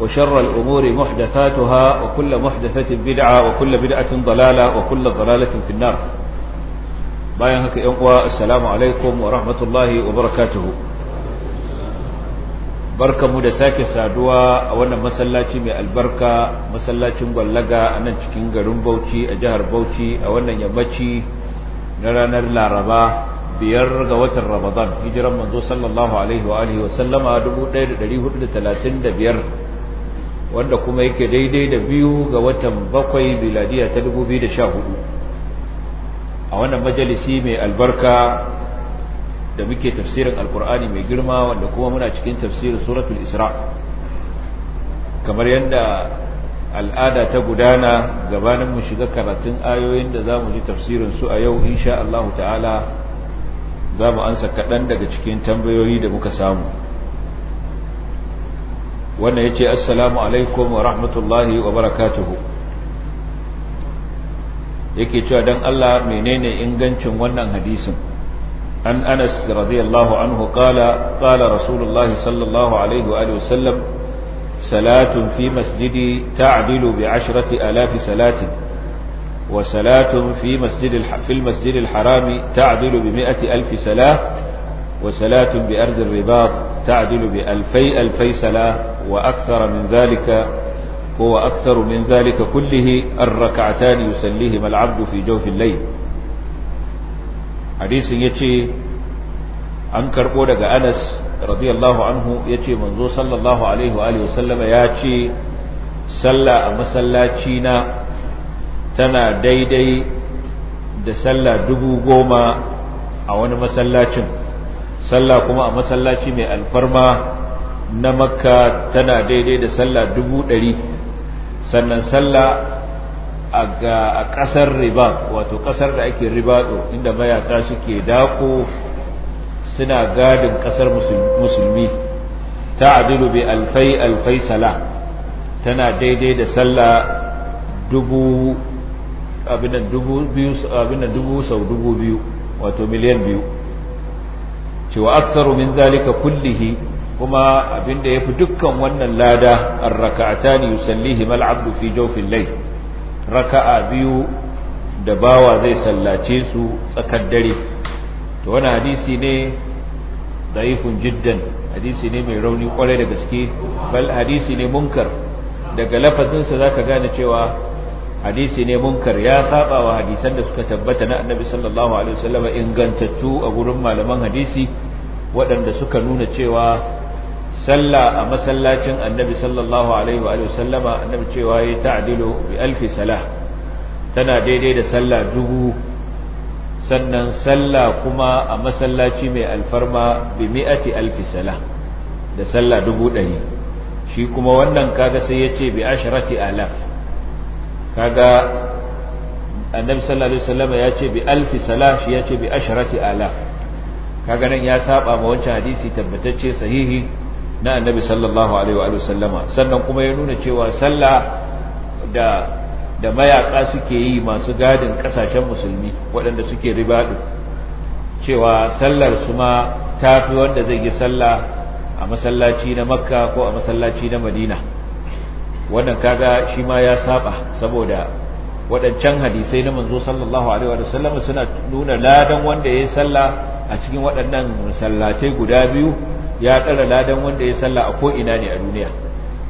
وشر الأمور محدثاتها وكل محدثة بدعة وكل بدعة ضلالة وكل ضلالة في النار باين هكا يقوى السلام عليكم ورحمة الله وبركاته بركة مدساك سادوا وانا مسلاتي من البركة مسلاتي مغلقة أنا تكين غرم بوتي أجهر بوتي وانا يمتي نرانا العربة biyar ga watan Ramadan hijiran manzo sallallahu alaihi wa alihi wa sallama 1435 wanda kuma yake daidai da biyu ga watan bakwai biladiya ta 2014 a wannan majalisi mai albarka da muke tafsirin alkur'ani mai girma wanda kuma muna cikin tafsirin suratul isra kamar yadda al'ada ta gudana gabanin mu shiga karatun ayoyin da za mu ji tafsirin su a yau insha Allah ta'ala za mu ansa kaɗan daga cikin tambayoyi da muka samu wannan ya ce assalamu alaikum wa rahmatullahi wa barakatuhu yake cewa don Allah menene ingancin wannan hadisin an anas radiyallahu anhu qala qala rasulullahi sallallahu alaihi wa sallam salatun fi masjidi ta'dilu bi ashrati alafi salatin wa salatun fi masjidil fil masjidil harami ta'dilu bi mi'ati alfi salah wa salatun bi ardi ribat تعدل بألفي ألفي سلاة وأكثر من ذلك هو أكثر من ذلك كله الركعتان يسليهما العبد في جوف الليل حديث يتي an karɓo daga Anas radiyallahu anhu yace manzo sallallahu alaihi wa alihi wasallama yace salla a masallaci na tana daidai da salla dubu goma a wani masallacin sallah kuma a masallaci mai alfarma na makka tana daidai da sallah dubu ɗari sannan sallah a ƙasar ribat wato ƙasar da ake ribato inda mayaka suke dako suna gadin ƙasar musulmi ta adilu bi alfai alfai sala tana daidai da sallah dubu abinan dubu biyu dubu sau dubu biyu wato miliyan biyu cewa aksaru min zalika kullihi kuma abinda yafi dukkan wannan lada ar-raka'atani yusallihi mal'abdu abdu fi jofin layl raka'a biyu da bawa zai sallace su tsakar dare to wannan hadisi ne da'ifun jiddan hadisi ne mai rauni kwarai da gaske bal hadisi ne munkar daga lafazinsa zaka gane cewa hadisi ne munkar ya saba wa hadisan da suka tabbata na annabi sallallahu alaihi wasallam ingantattu a gurin malaman hadisi waɗanda suka nuna cewa sallah a masallacin annabi sallallahu alaihi wa annabi cewa ya ta'dilu bi alfi salah tana daidai da sallah dubu sannan sallah kuma a masallaci mai alfarma bi mi'ati alfi salah da sallah dubu ɗari shi kuma wannan kaga sai ya ce bi asharati alaf kaga annabi sallallahu alaihi wasallam ya ce bi alfi salah shi ya ce bi asharati alaf kaga nan ya saba ma wancan hadisi tabbatacce sahihi na annabi sallallahu alaihi wa sallama sannan kuma ya nuna cewa sallah da da mayaka suke yi masu gadin kasashen musulmi waɗanda suke ribadu cewa sallar su ma tafi wanda zai yi sallah a masallaci na makka ko a masallaci na madina wannan kaga shi ma ya saba saboda waɗancan hadisai na manzo sallallahu alaihi wa sallam suna nuna ladan wanda ya salla a cikin waɗannan masallatai guda biyu ya ɗara ladan wanda ya salla a ko ina ne a duniya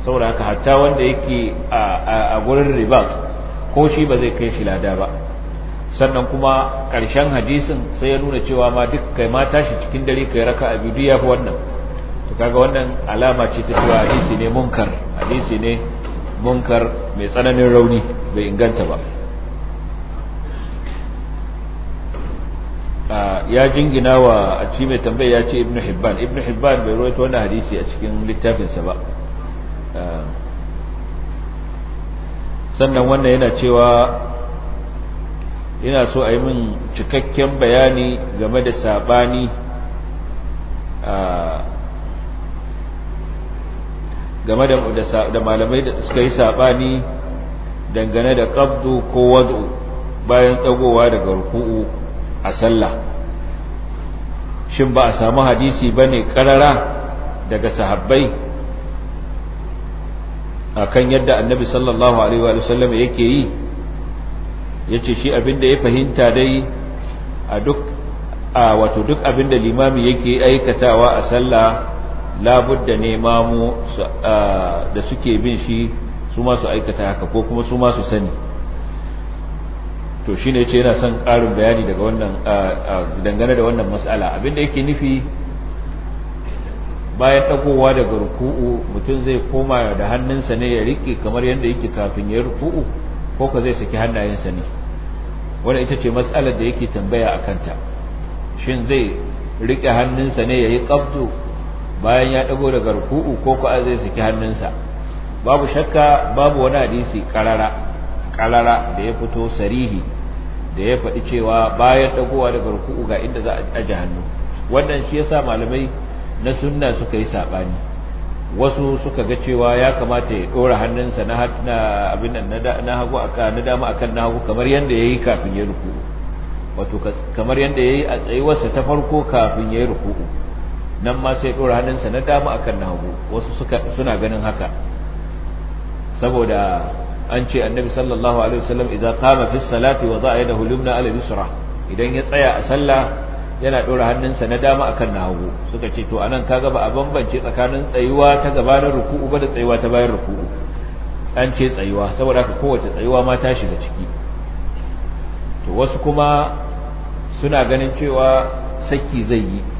saboda haka hatta wanda yake a gurin riba ko shi ba zai kai shi lada ba sannan kuma ƙarshen hadisin sai ya nuna cewa ma duk kai ma tashi cikin dare kai raka a biyu ya fi wannan to kaga wannan alama ce ta cewa hadisi ne munkar hadisi ne munkar mai tsananin rauni bai inganta ba ya jingina wa a mai tambaya ya ce ibn hibban ibn hibban bai ruwaito wani hadisi a cikin littafinsa ba sannan wannan yana cewa yana so a yi min cikakken bayani game da sabani game da malamai da suka yi saɓani dangane da ƙabdu ko wad'u bayan tsagowa daga ruku'u a sallah shin ba a samu hadisi ba ne ƙarara daga sahabbai a kan yadda annabi sallallahu alaihi wa yake yi ya ce shi abinda ya fahimta dai a duk a wato duk abinda limami yake aikatawa a sallah labudda ne mamu da suke bin shi su masu aikata haka ko kuma su masu sani to shi ne yana son ƙarin bayani daga wannan dangane da wannan matsala abinda yake nufi bayan ɗagowa daga ruku'u mutum zai koma da hannunsa ne ya riƙe kamar yadda yake kafin ya ruku'u ko ka zai saki hannayensa ne wadda ita ce matsalar da yake tambaya a kanta shin zai riƙe hannunsa ne ya yi ƙabdu bayan ya ɗago daga ruku'u ko ko zai saki hannunsa babu shakka babu wani hadisi karara karara da ya fito sarihi da ya faɗi cewa bayan ɗagowa daga ruku'u ga inda za a aje hannu wannan shi yasa malamai na sunna suka yi saɓani wasu suka ga cewa ya kamata ya ɗora hannunsa na abin nan na hagu aka na dama akan na hagu kamar yanda yayi kafin ya ruku'u wato kamar yanda yayi a tsayuwarsa ta farko kafin ya yi ruku'u nan ma sai ɗora hannunsa na dama akan na hagu wasu suna ganin haka saboda an ce annabi sallallahu alaihi wasallam idan qama fi salati wa za'a yadahu limna ala yusra idan ya tsaya a sallah yana ɗora hannunsa na dama akan na hagu suka ce to anan kaga ba a bambance tsakanin tsayuwa ta gabanin ruku'u ba da tsayuwa ta bayan ruku'u an ce tsayuwa saboda haka kowace tsayuwa ma ta shiga ciki to wasu kuma suna ganin cewa saki zai yi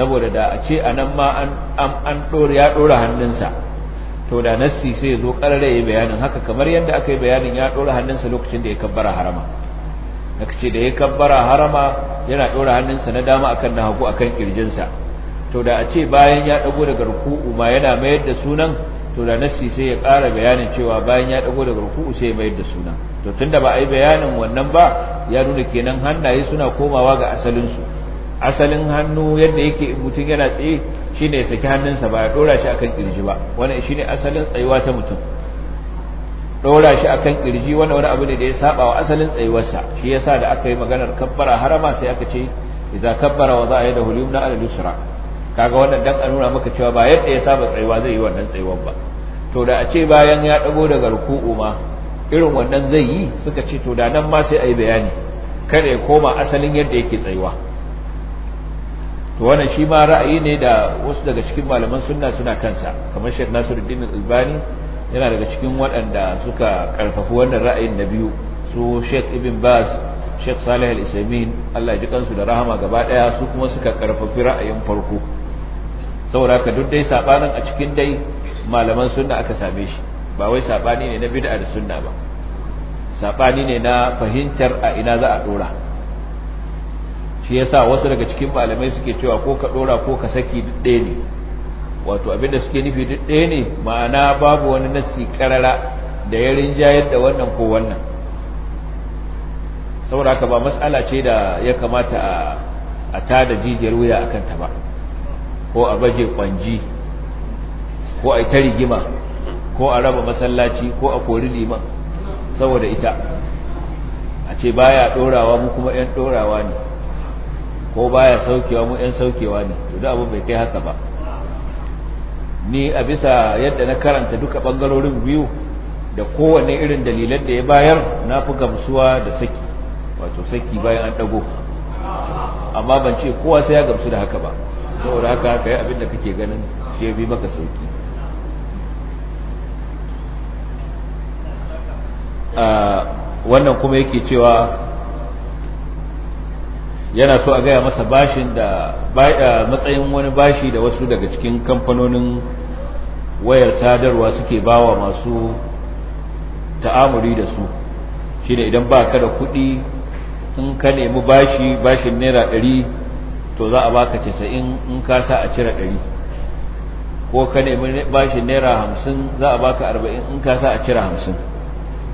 saboda da a ce a nan ma an ya ɗora hannunsa to da nassi sai zo ƙarare ya yi bayanin haka kamar yadda aka yi bayanin ya ɗora hannunsa lokacin da ya kabbara harama aka ce da ya kabbara harama yana ɗora hannunsa na dama akan na hagu akan ƙirjinsa to da a ce bayan ya ɗago daga ruku'u ma yana mayar da sunan to da nassi sai ya ƙara bayanin cewa bayan ya ɗago daga ruku'u sai ya mayar da sunan to tunda ba a yi bayanin wannan ba ya nuna kenan hannaye suna komawa ga asalinsu asalin hannu yadda yake mutum yana tsaye shine ya saki hannunsa ba ya dora shi akan kirji ba wannan shine asalin tsayuwa ta mutum dora shi akan kirji wannan wani abu ne da ya saba wa asalin tsayuwarsa shi yasa da aka yi maganar kabbara harama sai aka ce idza kabbara wa za'a yadahu yi da ala al-yusra kaga wannan dan nuna maka cewa ba yadda ya saba tsayuwa zai yi wannan tsayuwar ba to da a ce bayan ya dago daga ruku'u ma irin wannan zai yi suka ce to da nan ma sai yi bayani kada ya koma asalin yadda yake tsayuwa to wannan shi ma ra'ayi ne da wasu daga cikin malaman sunna suna kansa kamar Sheikh Nasiruddin Albani yana daga cikin waɗanda suka karfafi wannan ra'ayin na biyu su Sheikh Ibn Baz Sheikh Saleh Al-Isamin Allah ya ji da rahama gaba ɗaya su kuma suka karfafi ra'ayin farko saboda ka duk dai sabanin a cikin dai malaman sunna aka same shi ba wai sabani ne na bid'a da sunna ba sabani ne na fahimtar a ina za a dora shi yasa wasu daga cikin malamai suke cewa ko ka dora ko ka saki duk ne wato abinda suke nufi duk ne ma'ana babu wani nassi karara da ya rinjayar da wannan ko wannan saboda haka ba mas'ala ce da ya kamata a tada jijiyar wuya a kanta ba ko a baje kwanji ko a yi ta rigima ko a raba masallaci ko a kori liman saboda ita a ce baya dorawa mu kuma 'yan dorawa ne ko baya saukewa mu ɗan saukewa ne to da abin bai kai haka ba ni a bisa yadda na karanta duka bangarorin biyu da kowane irin dalilan da ya bayar na fi gamsuwa da saki wato saki bayan an ɗago amma ban ce kowa sai ya gamsu da haka ba saboda haka haka yi abin kake ganin shi bi maka sauki wannan kuma yake cewa yana so a gaya masa bashin da matsayin wani bashi da wasu daga cikin kamfanonin wayar sadarwa suke bawa masu ta'amuri da su ne idan ba ka da kuɗi in ka nemi bashi bashin naira ɗari to za a baka casa'in in ka sa a cire ɗari ko ka nemi bashin naira hamsin za a baka arba'in in ka sa a cire hamsin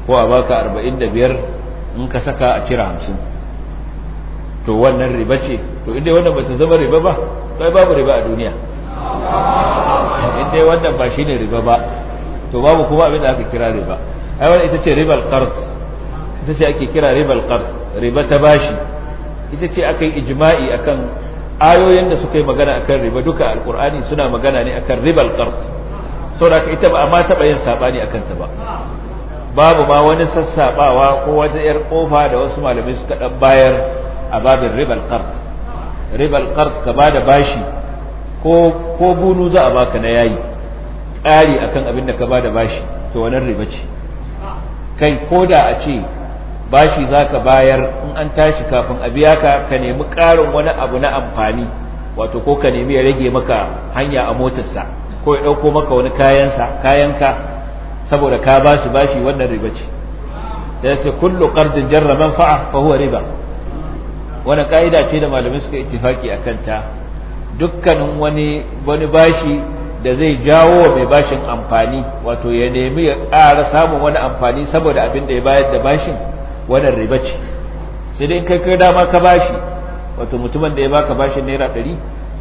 ko a baka arba'in da biyar in ka saka a cire hamsin to wannan riba ce to inda wannan ba ta zama riba ba sai babu riba a duniya inda wannan ba shi ne riba ba to babu kuma abin da aka kira riba ai wannan ita ce ribal qard ita ce ake kira ribal qard riba ta bashi ita ce aka yi ijma'i akan ayoyin da suka yi magana akan riba duka alqur'ani suna magana ne akan ribal qard saboda ita ba amma taba yin sabani akan ta ba babu ma wani sassabawa ko wata yar kofa da wasu malamai suka ɗan bayar a babin ribal qard ribal qard ka da bashi ko bunu za a baka na yayi ƙari akan abin da ka ba da bashi to wannan riba ce kai koda a ce bashi zaka bayar in an tashi kafin a biya ka ka nemi ƙarin wani abu na amfani wato ko ka nemi ya rage maka hanya a motarsa ko ya ɗauko maka wani kayansa kayanka saboda ka bashi bashi wannan riba ce da yace kullu qardin jarra manfa'a fa huwa riba wani ka'ida ce da malamai suka ittifaki a kanta dukkanin wani wani bashi da zai jawo wa mai bashin amfani wato ya nemi ya ƙara samun wani amfani saboda abin da ya bayar da bashin wannan riba ce sai dai kai kai dama ka bashi wato mutumin da ya baka bashin naira ɗari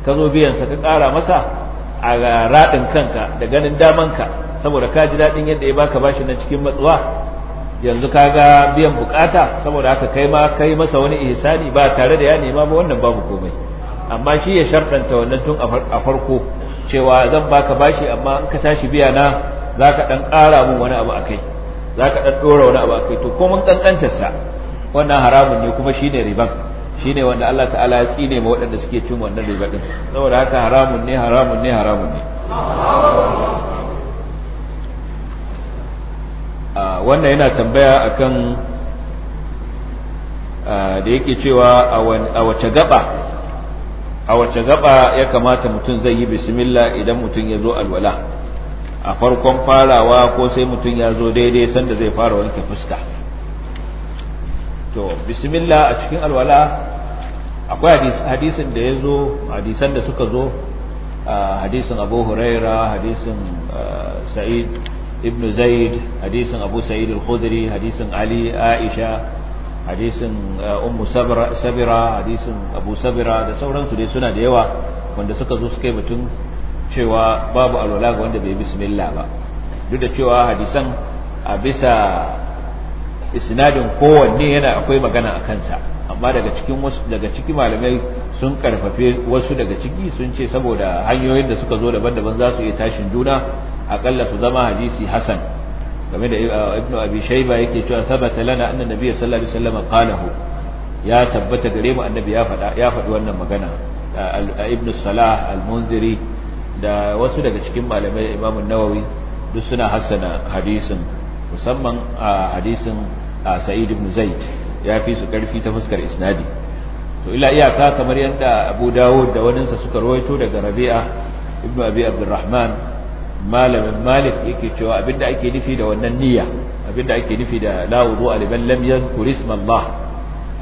ka zo biyan sa ka ƙara masa a raɗin kanka da ganin damanka saboda ka ji daɗin yadda ya baka bashin na cikin matsuwa yanzu ka ga biyan bukata saboda haka kai ma kai masa wani ihsani ba tare da ya nema ba wannan babu komai amma shi ya sharɗanta wannan tun a farko cewa zan baka bashi amma in ka tashi biya na zaka dan ƙara mun wani abu akai zaka dan dora wani abu akai to ko mun kankanta sa wannan haramun ne kuma shine riban shine wanda Allah ta'ala ya tsine ma waɗanda suke cin wannan riba din saboda haka haramun ne haramun ne haramun ne wannan yana tambaya akan da yake cewa a wace gaba a wace gaba ya kamata mutum zai yi bismillah idan mutum ya zo alwala a farkon farawa ko sai mutum ya zo daidai sanda zai fara wanke fuska to bismillah a cikin alwala akwai hadisin da ya zo hadisan da suka zo hadisin abu huraira hadisin sa'id ibn zaid hadisin abu sa'id al-khudri ali aisha hadisin uh, ummu sabira hadisin abu sabira da sauransu dai suna da yawa wanda suka zo suka yi mutum cewa babu alwala ga wanda bai bismillah ba duk da cewa hadisan a bisa isnadin kowanne yana akwai magana a kansa amma daga cikin ciki malamai sun karfafe wasu daga ciki sun ce saboda hanyoyin da suka zo daban-daban za su iya tashin juna akalla su zama hadisi hasan game da ibn abi shayba yake cewa thabata lana anna nabiyyi sallallahu alaihi wasallam qalahu ya tabbata gare mu annabi ya faɗa ya faɗi wannan magana ibn salah al-munziri da wasu daga cikin malamai imamu nawawi duk suna hassana hadisin musamman a hadisin sa'id ibn zaid ya fi su karfi ta fuskar isnadi to ila iyaka kamar yadda abu dawud da waninsa suka rawaito daga rabi'a ibn abi abdurrahman malamin malik yake cewa abinda ake nufi da wannan niyya abinda ake nufi da la wudu aliban lam yazkur ismallah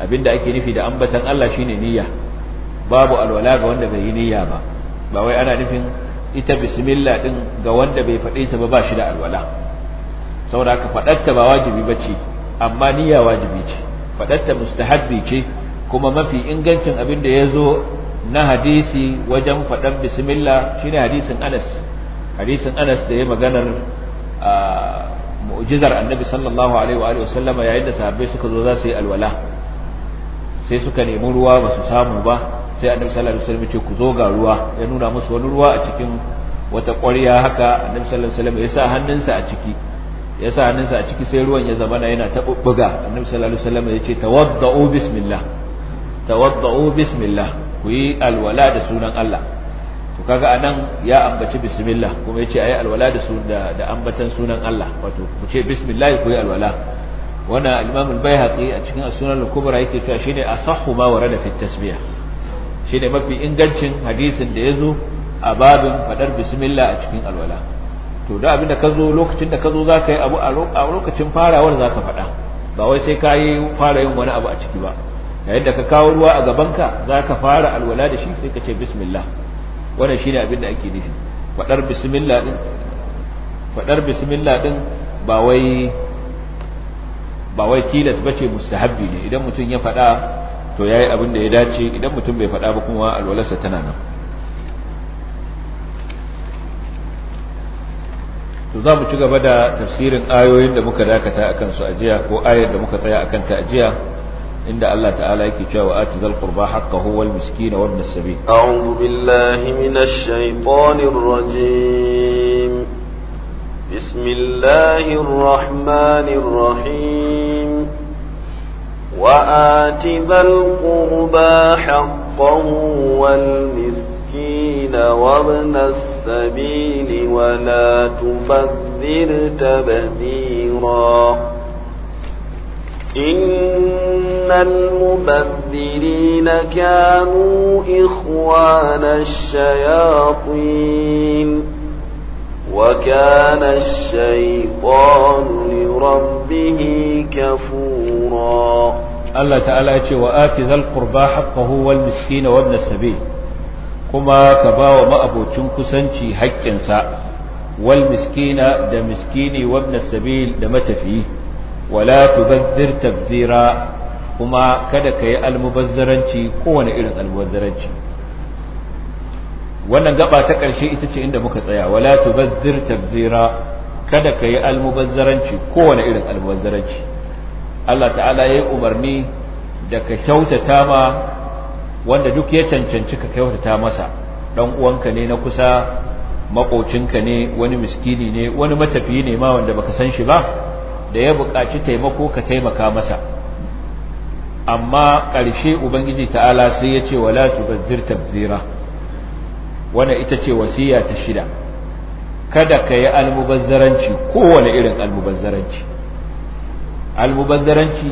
abinda ake nufi da ambatan Allah shine niyya babu alwala ga wanda bai yi niyya ba ba wai ana nufin ita bismillah din ga wanda bai faɗe ta ba ba shi da alwala saboda ka faɗarta ba wajibi ce amma niyya wajibi ce faɗarta mustahabbi ce kuma mafi ingancin abinda zo na hadisi wajen faɗan bismillah shine hadisin Anas hadisin Anas da ya maganar mu'jizar Annabi sallallahu alaihi wa alihi wasallama yayin da sahabbai suka zo za su yi alwala sai suka nemi ruwa ba su samu ba sai Annabi sallallahu alaihi wasallam ya ce ku zo ga ruwa ya nuna musu wani ruwa a cikin wata ƙwarya haka Annabi sallallahu alaihi wasallam ya sa hannunsa a ciki ya sa hannunsa a ciki sai ruwan ya zama na yana taɓuɓɓuga annabi sallallahu alaihi wasallam ya ce tawaddu bismillah tawaddu bismillah ku yi alwala da sunan Allah to kaga anan ya ambaci bismillah kuma yace ayi alwala da su da ambatan sunan Allah wato ku ce bismillah ku yi alwala wana al-imam al a cikin as-sunan al-kubra yake cewa shine asahhu ma warada fi tasbih shine mafi ingancin hadisin da yazo a babin fadar bismillah a cikin alwala to da abinda ka zo lokacin da ka zo zaka yi abu a lokacin farawar zaka faɗa, ba wai sai ka yi fara yin wani abu a ciki ba yayin da ka kawo ruwa a gabanka zaka fara alwala da shi sai ka ce bismillah wannan shine abin da ake nufi fadar bismillah din fadar bismillah din ba wai ba wai tilas bace mustahabbi ne idan mutum ya fada to yayi abin da ya dace idan mutum bai fada ba kuma alwalarsa tana nan to za mu ci gaba da tafsirin ayoyin da muka dakata akan su ajiya ko ayar da muka tsaya akan ta ajiya عند الله تعالى يكي وآت ذا القربى حقه والمسكين وابن السبيل أعوذ بالله من الشيطان الرجيم بسم الله الرحمن الرحيم وآت ذا القربى حقه والمسكين وابن السبيل ولا تفذر تبذيراً إن المبذرين كانوا إخوان الشياطين وكان الشيطان لربه كفورا الله تعالى يقول وآت ذا القربى حقه والمسكين وابن السبيل كما كباو ما أبو تنكسنشي حكا سا والمسكين دا مسكيني وابن السبيل دا متفيه wala tubazzir tabzira kuma kada ka yi almubazzaranci kowane irin almubazzaranci wannan gaba ta ƙarshe ita ce inda muka tsaya wala tubazzir tabzira kada ka yi almubazzaranci kowane irin almubazzaranci Allah ta'ala ya yi umarni da ka kyautata ma wanda duk ya cancanci ka kyautata masa dan uwanka ne na kusa maƙocinka ne wani miskini ne wani matafiyi ne ma wanda baka san shi ba da ya buƙaci taimako ka taimaka masa amma ƙarshe ubangiji ta'ala sai ya ce wala tubazzir tabzira wannan ita ce wasiya ta shida kada ka yi almubazzaranci kowane irin almubazzaranci almubazzaranci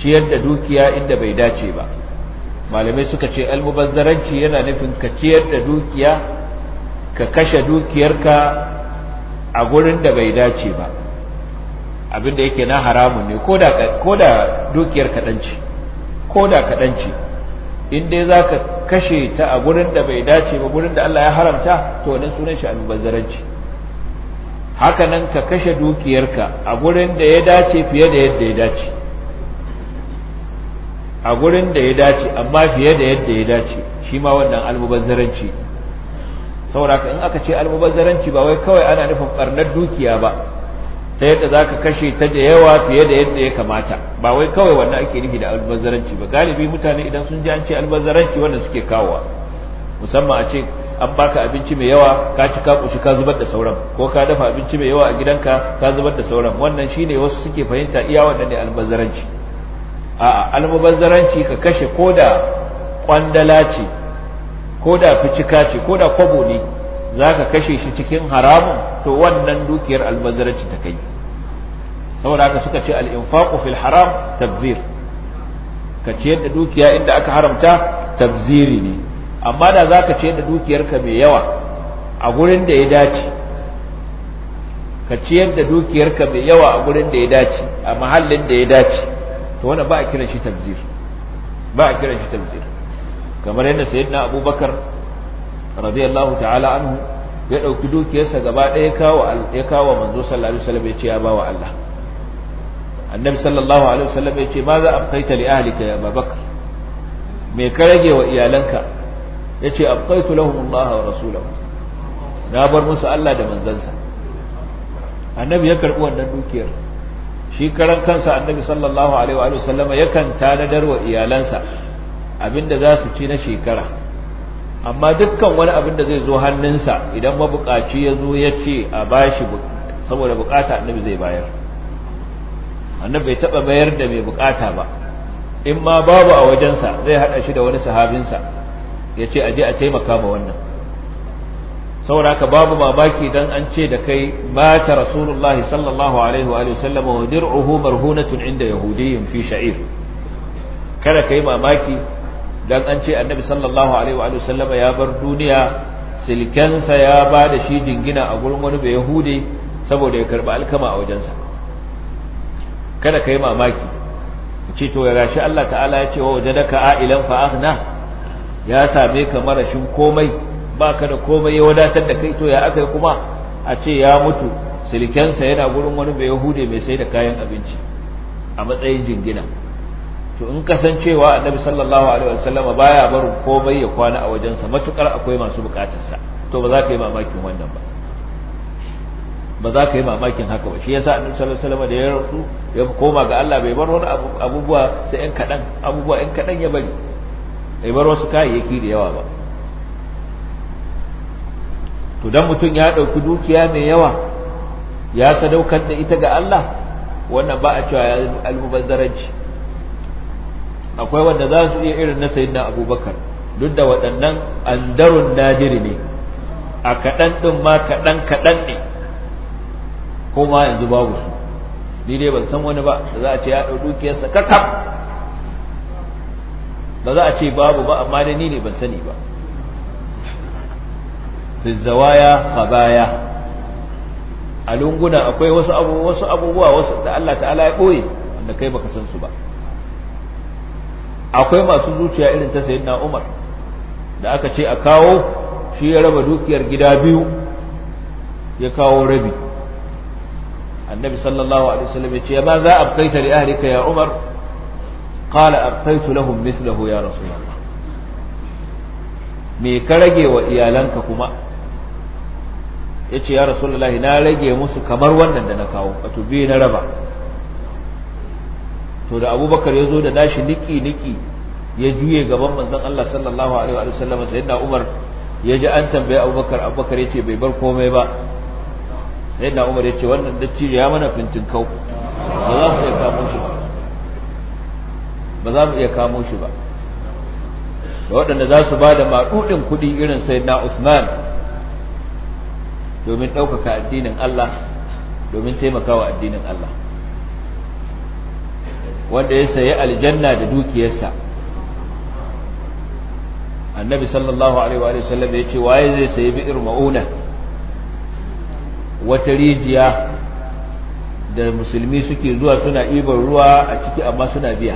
ciyar da dukiya inda bai dace ba malamai suka ce almubazzaranci yana nufin ka ciyar da dukiya ka kashe dukiyarka a gurin da bai dace ba abinda yake na haramun ne ko da dukiyar kaɗanci ko da kaɗanci in dai za ka kashe ta a gurin da bai dace ba gurin da Allah ya haramta to wani sunan shi almubazzaranci haka nan ka kashe dukiyarka a gurin da ya dace fiye da yadda ya dace a gurin da ya dace amma fiye da yadda ya dace shi ma wannan almubazzaranci saboda in aka ce almubazzaranci ba wai kawai ana nufin karnar dukiya ba ta yadda za ka kashe ta da yawa fiye da yadda ya kamata ba wai kawai wannan ake nufi da albazaranci ba galibi mutane idan sun ji an ce albazaranci wanda suke kawowa musamman a ce an baka abinci mai yawa ka ci ka kushi ka zubar da sauran ko ka dafa abinci mai yawa a gidanka ka zubar da sauran wannan shine wasu suke fahimta iya wannan ne albazaranci a'a albazaranci ka kashe koda kwandala ce koda ficika ce koda kwabo ne za ka kashe shi cikin haramun to wannan dukiyar albazaranci ta kai saboda haka suka ce al'infaƙo fil haram tabzir ka ce yadda dukiya inda aka haramta tabziri ne amma da za ka ce da dukiyarka mai yawa a gurin da ya dace ka ciyar da dukiyarka mai yawa a gurin da ya dace a mahallin da ya dace to Wani ba a kiran shi tabzir ba a kiran shi tabzir kamar yadda sayyidina abubakar radiyallahu ta'ala anhu ya dauki dukiyarsa gaba ɗaya kawo ya kawo manzo sallallahu alaihi wasallam ya ce ya bawa Allah annabi sallallahu alaihi wasallam ya ce ma za abqaita li ahlika ya babakar me ka rage wa iyalanka yace abqaitu lahum Allah wa rasulahu na bar musu Allah da manzansa annabi ya karbi wannan dukiyar shi karan kansa annabi sallallahu alaihi wa sallama yakan tanadar wa iyalansa abinda za su ci na shekara amma dukkan wani abin da zai zo hannunsa idan mabukaci ya zo ya ce a bashi saboda bukata annabi zai bayar annabi bai taba bayar da mai bukata ba in ma babu a wajensa zai hada shi da wani sahabinsa ya ce aje a taimaka ma wannan saboda haka babu mamaki dan an ce da kai mata rasulullahi sallallahu alaihi wa sallam wa dir'uhu marhunatun inda yahudiyyin fi sha'ir kada kai mamaki dan an ce annabi sallallahu alaihi wa sallama ya bar duniya silkensa ya ba da shi jingina a gurin wani bai yahude saboda ya karba alkama a wajensa kada ka yi mamaki ce to ya gashi Allah ta'ala ya ce wa wajadaka a'ilan fa ya same ka marashin komai baka da komai ya wadatar da kai to ya akai kuma a ce ya mutu silkensa yana gurin wani bai yahude mai sai da kayan abinci a matsayin jingina to in kasancewa annabi sallallahu alaihi wasallama baya barin komai ya kwana a wajensa matukar akwai masu sa to ba za ka yi mamakin wannan ba ba za ka yi mamakin haka ba shi yasa annabi sallallahu alaihi wasallama da ya rasu ya koma ga Allah bai bar wani abubuwa sai ɗan kaɗan abubuwa ɗan kaɗan ya bari bai bar wasu kayayyaki da yawa ba to dan mutum ya ɗauki dukiya mai yawa ya sadaukar da ita ga Allah wannan ba a cewa ya almubazzaranci akwai wanda za su iya irin na sayyidina abubakar duk da waɗannan andarun nadiri ne a kaɗan ɗin ma kaɗan kaɗan ne ko ma yanzu babu su ni dai ban san wani ba da za a ce ya ɗau dukiyarsa kakaf ba za a ce babu ba amma dai ni ne ban sani ba zawaya khabaya a lunguna akwai wasu abubuwa wasu abubuwa wasu da Allah ta'ala ya ɓoye wanda kai baka san su ba akwai masu zuciya irin ta sayyidina Umar da aka ce a kawo shi ya raba dukiyar gida biyu ya kawo rabi annabi sallallahu alaihi wasallam ya ce ma za a abqaita li ahlika ya Umar qala abqaitu lahum mithluhu ya rasulullah me ka rage wa iyalanka kuma yace ya rasulullahi na rage musu kamar wannan da na kawo wato biyu na raba to da abubakar ya zo da nashi niki niki ya juye gaban manzon Allah sallallahu alaihi wa sallam da Umar ya ji an tambaye Abubakar Abubakar yace bai bar komai ba da Umar yace wannan dacci ya mana fintin kau ba za mu iya kamo shi ba ba za mu iya kamo shi ba da waɗanda za su ba da maɗuɗin kuɗi irin sayyidina Usman domin ɗaukaka addinin Allah domin taimakawa addinin Allah wanda ya sayi aljanna da dukiyarsa annabi sallallahu alaihi wa ya ce waye zai sayi bi'ir ma'una wata rijiya da musulmi suke zuwa suna ibar ruwa a ciki amma suna biya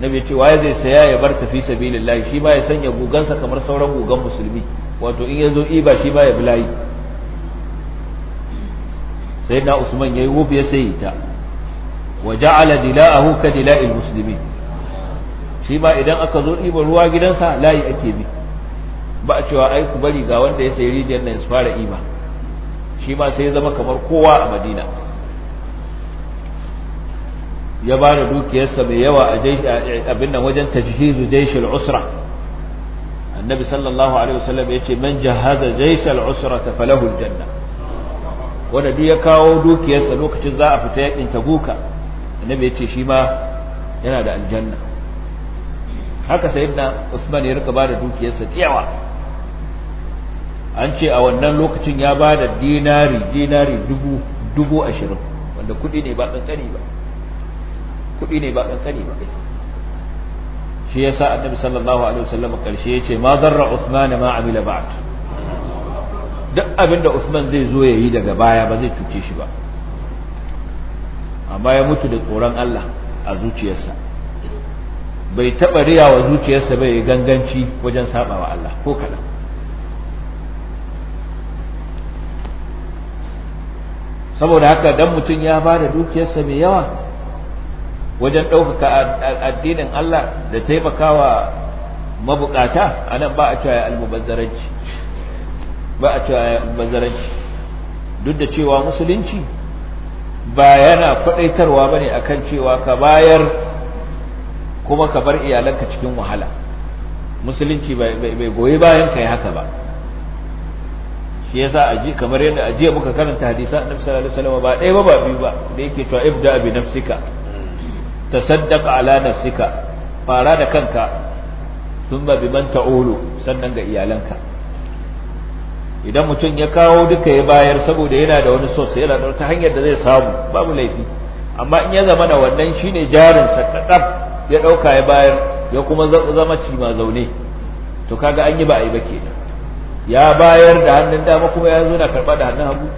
nabi ce waye zai saya ya bar tafi sabilillah shi ba ya sanya gugansa kamar sauran gugan musulmi wato in yazo iba shi ba ya bulayi sayyidina usman yayi wuf ya sayi ta wa ja'ala dila'ahu ka dila'il muslimin shi ma idan aka zo ɗiba ruwa gidansa layi ake bi ba a cewa aiku bari ga wanda ya sayi rijiyar nan su fara iba shi ma sai ya zama kamar kowa a madina ya ba da dukiyarsa mai yawa a abin nan wajen tajhizu jaishul usra annabi sallallahu alaihi wasallam ya ce man jahaza jaishul usra ta falahu janna wanda duk ya kawo dukiyarsa lokacin za a fita yakin tabuka annabi ya ce shi ma yana da aljanna haka sayyidina usman ya rika bada dukiyarsa tiyawa an ce a wannan lokacin ya bada dinari dinari dubu dubu ashirin wanda kuɗi ne ba kankani ba kuɗi ne ba kankani ba shi yasa annabi sallallahu alaihi wasallam karshe yace ma zarra usman ma amila ba'd duk abinda usman zai zo yayi daga baya ba zai cuce shi ba amma ya mutu da tsoron Allah a zuciyarsa bai taɓa riya wa zuciyarsa bai ganganci wajen saba wa Allah ko kaɗan saboda haka dan mutum ya ba da dukiyarsa mai yawa wajen ɗaukaka addinin Allah da taimakawa mabukata a nan ba a cewa ya almubazzaranci ba a cewa ya duk da cewa musulunci ba yana kwadaitarwa bane akan cewa ka bayar kuma ka bar iyalanka cikin wahala musulunci bai goyi bayan kai haka ba shi yasa aji kamar yadda ajiya muka karanta hadisa na sallallahu alaihi wasallam ba ɗaya ba ba biyu ba da yake to ibda bi nafsika tasaddaq ala nafsika fara da kanka sun thumma biman ta'ulu sannan ga iyalanka idan mutum ya kawo duka ya bayar saboda yana da wani source yana da ta hanyar da zai samu babu laifi amma in ya zama da wannan shine jarin sa kadab ya dauka ya bayar ya kuma zama ci ma zaune to kaga an yi ba a yi ba kenan ya bayar da hannun dama kuma ya zo na karba da hannun hagu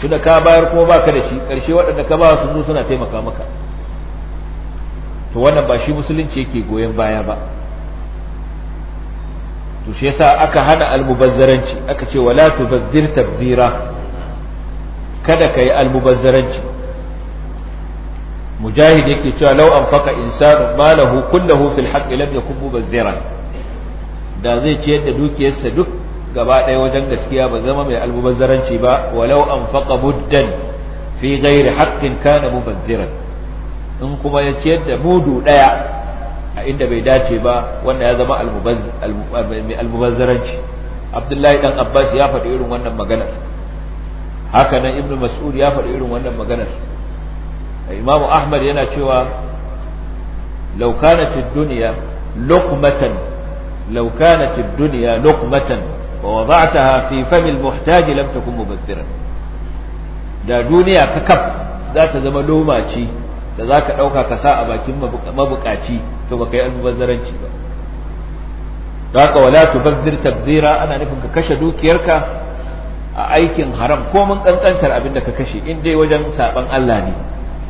tunda ka bayar kuma baka da shi karshe waɗanda ka ba su zo suna taimaka maka to wannan ba shi musulunci yake goyon baya ba to shi yasa aka hana almubazzaranci aka ce wala tubazzir tabzira kada ka yi almubazzaranci mujahid yake cewa law anfaqa insanu malahu kullahu fil haqqi lam yakun mubazziran da zai ciyar da dukiyarsa duk gaba ɗaya wajen gaskiya ba zama mai almubazzaranci ba walau anfaqa muddan fi ghairi haqqin kana mubazziran in kuma ya ciyar da mudu ɗaya a inda bai dace ba wanda ya zama almubazzaranci abdullahi dan abbas ya faɗi irin wannan maganar haka nan ibnu mas'ud ya faɗi irin wannan maganar imamu ahmad yana cewa law duniya ad-dunya luqmatan law wa wada'taha fi fami al lam takun da duniya kakaf za ta zama loma ce da ka ɗauka ka sa a bakin mabukaci to baka yi almubazzaranci ba haka wala tubazzir tabzira ana nufin ka kashe dukiyarka a aikin haram ko mun kankantar abin da ka kashe in dai wajen saban Allah ne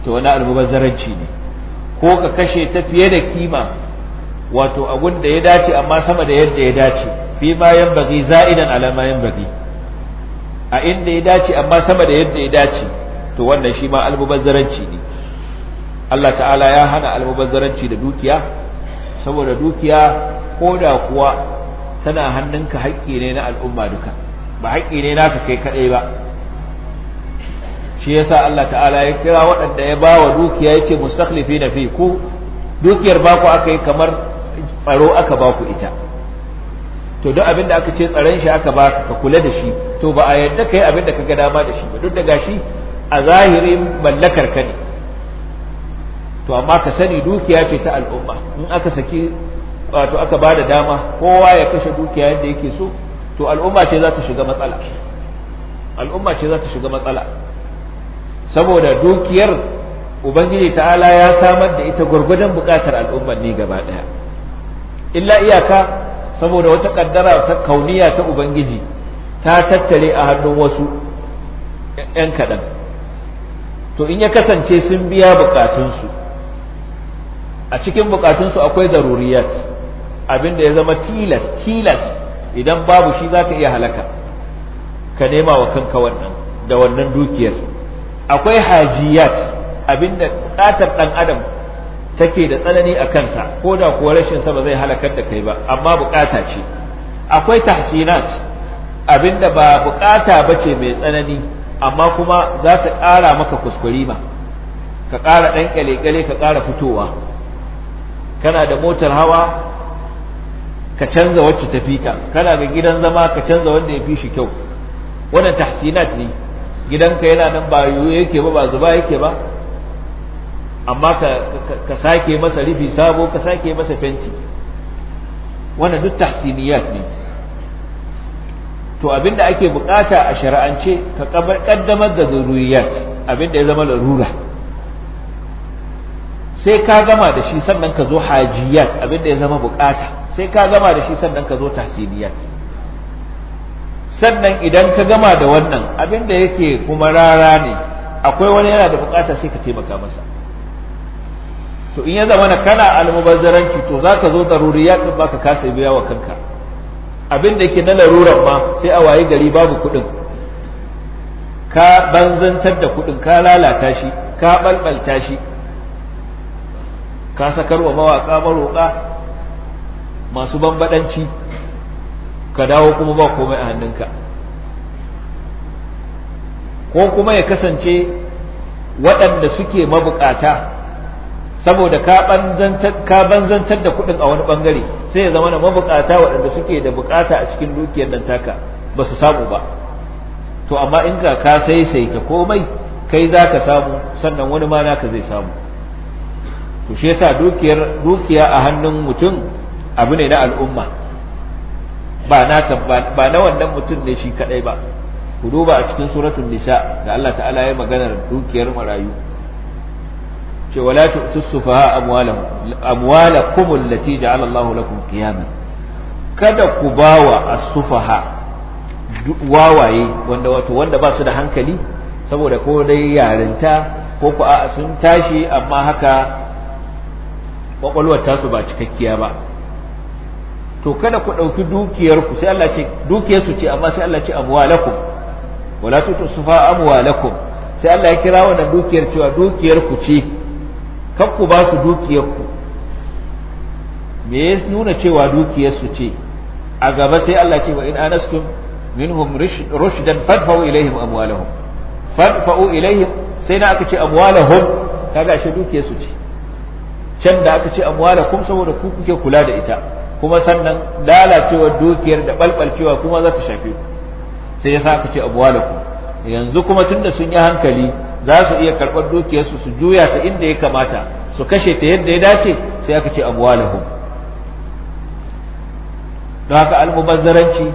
to wani almubazzaranci ne ko ka kashe ta fiye da kima wato abun da ya dace amma sama da yadda ya dace fi ma yanbaghi za'idan ala ma yanbaghi a inda ya dace amma sama da yadda ya dace to wannan shi ma almubazzaranci ne Allah ta'ala ya hana almubazzaranci da dukiya saboda dukiya ko da kuwa tana hannunka haƙƙi ne na al'umma duka ba haƙƙi ne naka kai kaɗai ba shi yasa Allah ta'ala ya kira waɗanda ya bawa dukiya yake mustakhlifi na fi ku dukiyar baku aka yi kamar tsaro aka ku ita to duk abin da aka ce tsaron shi aka ba ka kula da shi to ba a yadda yi abin da ga dama da shi ba duk da gashi a zahirin mallakar ka ne to amma ka sani dukiya ce ta al'umma in aka saki wato aka ba da dama kowa ya kashe dukiya yadda yake so to al'umma ce za ta shiga matsala al'umma ce za ta shiga matsala saboda dukiyar ubangiji ta'ala ya samar da ita gwargwadon bukatar al'ummar ne gaba daya illa iyaka saboda wata kaddara ta kauniya ta ubangiji ta tattare a hannun wasu 'yan kaɗan to in ya kasance sun biya bukatunsu a cikin bukatunsu akwai daruriyat abin da ya zama tilas tilas idan babu shi za ka iya halaka ka nema wa kanka wannan da wannan dukiyar akwai hajiyat abin da katar ɗan adam take da tsanani a kansa ko da kuwa rashin sa ba zai halakar da kai ba amma bukata ce akwai tahsinat abin da ba bukata ce mai tsanani amma kuma za ta ƙara maka kuskurima ka ƙara ɗan ƙyale-ƙyale ka ƙara fitowa kana da motar hawa ka canza wacce ta kana da gidan zama ka canza wanda ya fi shi kyau wannan tahsinat ne gidanka yana nan ba yake ba ba zuba yake ba amma ka sake masa rufi sabo ka sake masa fenti wannan duk tahsiniyat ne to abinda ake bukata a shari'ance ka kaddamar da zuriyat abinda ya zama larura sai ka gama da shi sannan ka zo hajiyat abinda ya zama bukata sai ka gama da shi sannan ka zo tahsiniyat sannan idan ka gama da wannan abinda yake kuma rara ne akwai wani yana da bukata sai ka taimaka masa to in ya zama na kana almubazzaranci to za ka zo daruriyat din ka kasa biya wa kanka abinda yake na larurar ma sai a waye gari babu kuɗin ka banzantar da kuɗin ka lalata shi ka balbalta shi ka sakar wa mawaƙa maroƙa masu bambadanci ka dawo kuma ba komai a hannunka ko kuma ya kasance waɗanda suke mabukata saboda ka banzantar da kuɗin a wani ɓangare sai ya zama na mabukata waɗanda suke da bukata a cikin dukiyar nan taka ba su samu ba to amma in ga ka sai sai ta komai kai za ka samu sannan wani ma naka zai samu to shi yasa dukiyar dukiya a hannun mutum abu ne na al'umma ba na ba na wannan mutum ne shi kadai ba ku duba a cikin suratul nisa da Allah ta'ala ya maganar dukiyar marayu ce wala tu'tus sufaha amwalahum amwalakum allati ja'ala Allah lakum qiyaman kada ku bawa as-sufaha wawaye wanda wato wanda ba su da hankali saboda ko dai yarinta ko ku a sun tashi amma haka kwakwalwar tasu ba cikakkiya ba to kada ku ɗauki dukiyarku sai Allah ce dukiyar su ce amma sai Allah ce amwalakum wala tutu sufa amwalakum sai Allah ya kira wannan dukiyar cewa dukiyar ku ce kan ku ba su ku me ya nuna cewa dukiyar su ce a gaba sai Allah ce wa in anastum minhum rushdan fadfa'u ilaihim amwalahum fadfa'u ilaihim sai na aka ce amwalahum kaga shi su ce can da aka ce amwalakum saboda ku kuke kula da ita kuma sannan lalacewar dukiyar da balbalcewa kuma za ta shafe ku sai yasa aka ce ku. yanzu kuma tunda sun yi hankali za su iya karɓar dukiyar su su juya ta inda ya kamata su kashe ta yadda ya dace sai aka ce amwalahum don haka almubazzaranci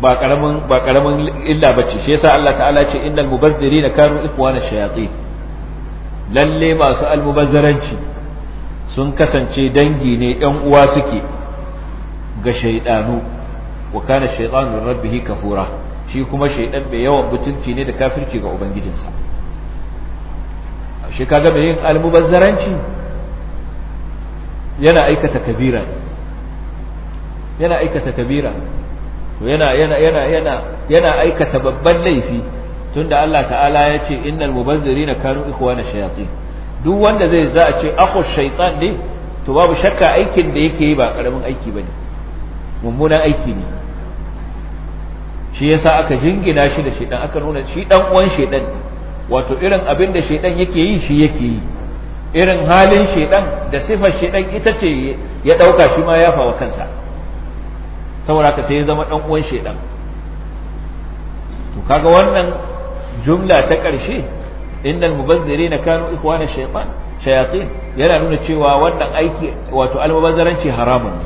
ba karamin ba karamin illa bace shi yasa Allah ta'ala ce innal mubazzirina kanu ikhwana shayatin lalle masu almubazzaranci sun kasance dangi ne ‘yan uwa suke ga shaidanu wa kana shaidanun rabbihi kafura shi kuma shaidan bai yawan butulci ne da kafirci ga ubangijinsa shi kaga mai yin almubazzaranci yana aikata kabira yana aikata kabira yana yana yana yana yana aikata babban laifi tunda Allah ta'ala ya ce innal mubazzirina kanu ikhwana shayatin duk wanda zai za a ce akhu shaitan ne to babu shakka aikin da yake yi ba karamin aiki ba ne. mummunan aiki ne shi yasa aka jingina shi da shaitan aka nuna shi dan uwan shaitan ne wato irin abin da shaitan yake yi shi yake yi irin halin shaitan da sifar shaitan ita ce ya ɗauka, shi ma ya fawa kansa saboda haka sai ya zama dan uwan shaitan to kaga wannan jumla ta ƙarshe innal mubazzirina kanu ikhwana shaytan shayatin yana nuna cewa wannan aiki wato almubazzaranci haramun ne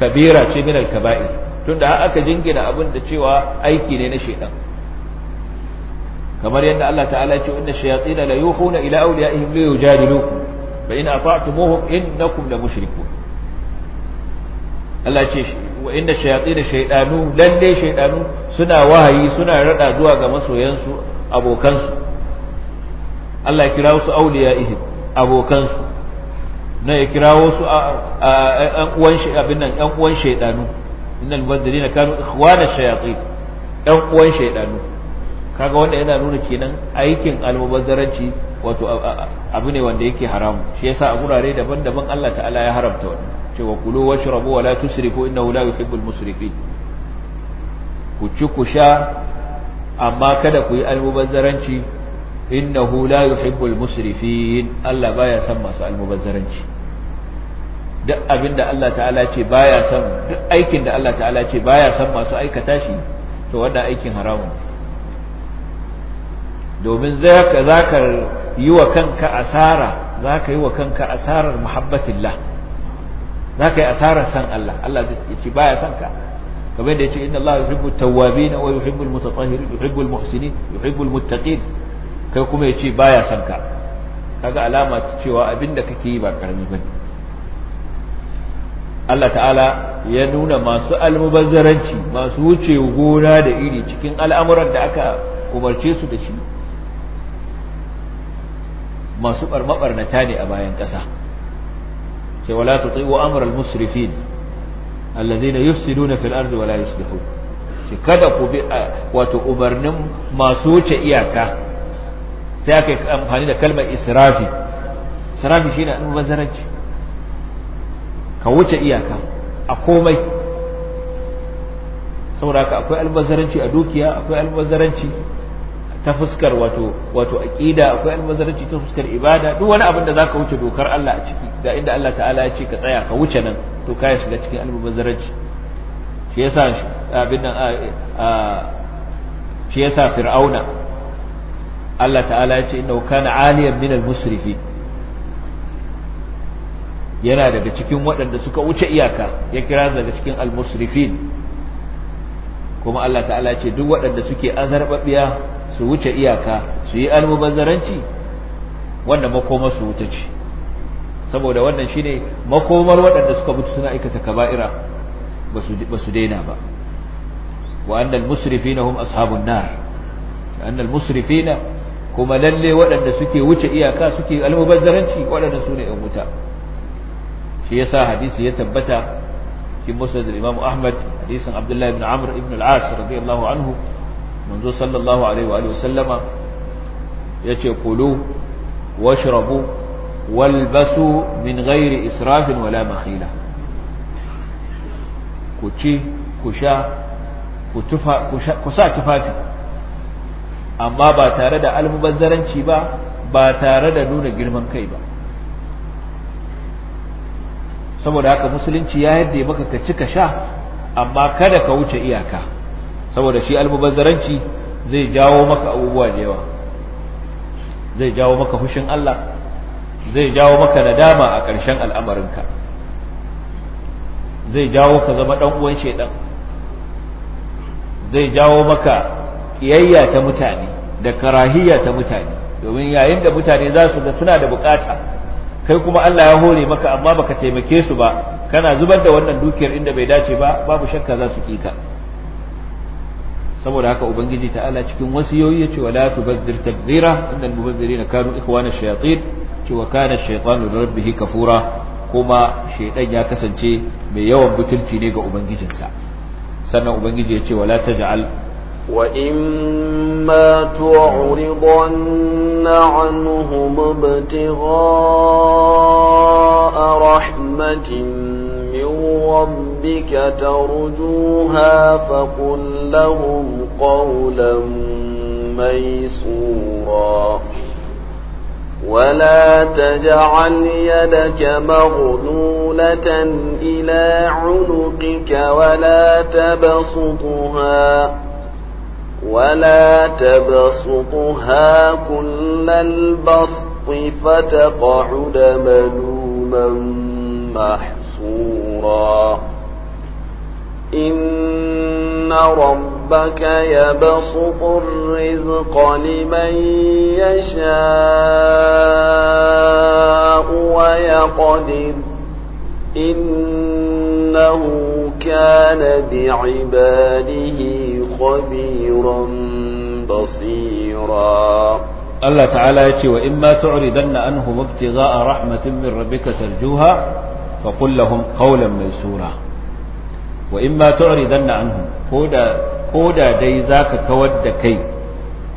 kabira ce min al tunda tunda aka jingina abin da cewa aiki ne na shaytan kamar yadda Allah ta'ala ya ce inna shayatin la yuhuna ila awliyaihim li yujadilukum fa in ata'tumuhum innakum la mushrikun Allah ce wa inna shayatin shaytanu lalle shaytanu suna wahayi suna rada zuwa ga masoyansu abokansu Allah ya kira wasu auliya ihim abokansu na ya kira wasu an uwan shi abin nan an uwan shaydanu innal mubaddilina kanu ikhwana shayatin ɗan uwan shaydanu kaga wanda yana nuna kenan aikin almubazzaranci wato abu ne wanda yake haramu shi yasa a gurare daban-daban Allah ta'ala ya haramta wannan cewa kulu washrabu wala tusrifu innahu la yuhibbul musrifin ku ci ku sha amma kada ku yi almubazzaranci innahu la yuhibbul musrifin Allah baya son masu almubazzaranci duk abinda Allah ta'ala ce baya son duk aikin da Allah ta'ala ce baya son masu aikata shi to wannan aikin haramun domin zaka zaka yi wa kanka asara zaka yi wa kanka asarar muhabbatillah zaka yi asarar san Allah Allah ya ce baya son ka kamar da ya ce inna Allah yuhibbut tawwabin wa yuhibbul mutatahhirin yuhibbul muhsinin yuhibbul muttaqin kai kuma ya ce baya son ka kaga alama ta cewa abinda da kake yi ba karami ba Allah ta'ala ya nuna masu almubazzaranci masu wuce gona da iri cikin al'amuran da aka umarce su da shi masu barnabarnata ne a bayan ƙasa ce wala tuti'u amral musrifin alladhina yufsiduna fil ardi wala yuslihun ce kada ku bi wato umarnin masu wuce iyaka sai aka yi amfani da kalmar israfi israfi shi an mazaranci ka wuce iyaka a komai saboda haka akwai albazaranci a dukiya akwai albazaranci ta fuskar wato wato aqida akwai albazaranci ta fuskar ibada duk wani abin da zaka wuce dokar Allah a ciki ga inda Allah ta'ala ya ce ka tsaya ka wuce nan to ka ya shiga cikin albazaranci shi yasa abin nan a shi yasa fir'auna Allah ta'ala ya ce innahu kana aliyan minal musrifi yana daga cikin waɗanda suka wuce iyaka ya kira daga cikin al-musrifin kuma Allah ta'ala ya ce duk waɗanda suke azarbabiya su wuce iyaka su yi almubazzaranci wanda makoma su wuce ce saboda wannan shine makomar waɗanda suka mutu suna aikata kaba'ira ba su daina ba wa annal musrifina hum ashabun nar annal musrifina kuma lalle waɗanda suke wuce iyaka suke almubazzaranci waɗanda su ne ‘yan wuta shi ya sa hadisi ya tabbata cikin musa da imamu ahmad hadisin abdullahi ibn amr ibn al'as radiyallahu anhu manzo sallallahu alaihi wa sallama ya ce kulu washrabu walbasu min ghairi israfin wala makhila ku ci ku sha ku tufa, ku sa tufafi amma ba tare da almubazzaranci ba ba tare da nuna girman kai ba saboda haka musulunci ya yadda maka ka cika sha amma kada ka wuce iyaka saboda shi almubazzaranci zai jawo maka abubuwa da yawa zai jawo maka hushin Allah zai jawo maka nadama a ƙarshen al'amarinka zai jawo ka zama ɗan uwan shaidan zai jawo maka kiyayya ta mutane da karahiyya ta mutane domin yayin da mutane za su ga suna da bukata kai kuma Allah ya hore maka amma baka taimake su ba kana zubar da wannan dukiyar inda bai dace ba babu shakka za su kika saboda haka ubangiji ta'ala cikin wasiyoyi yace wala tubazzir tabzira innal mubazzirina kanu ikhwana shayatin cewa kana ash-shaytanu li rabbih kafura kuma shaydan ya kasance mai yawan butulci ne ga ubangijinsa sannan ubangiji yace wala taj'al وإما تعرضن عنهم ابتغاء رحمة من ربك ترجوها فقل لهم قولا ميسورا ولا تجعل يدك مغلولة إلى عنقك ولا تبسطها ولا تبسطها كل البسط فتقعد ملوما محصورا إن ربك يبسط الرزق لمن يشاء ويقدر إنه كان بعباده khabiran basira Allah ta'ala ya ce wa in ma tu'ridanna anhum ibtigha'a rahmatin min rabbika tarjuha fa qul lahum qawlan maysura wa in ma tu'ridanna anhum koda koda kawar da kai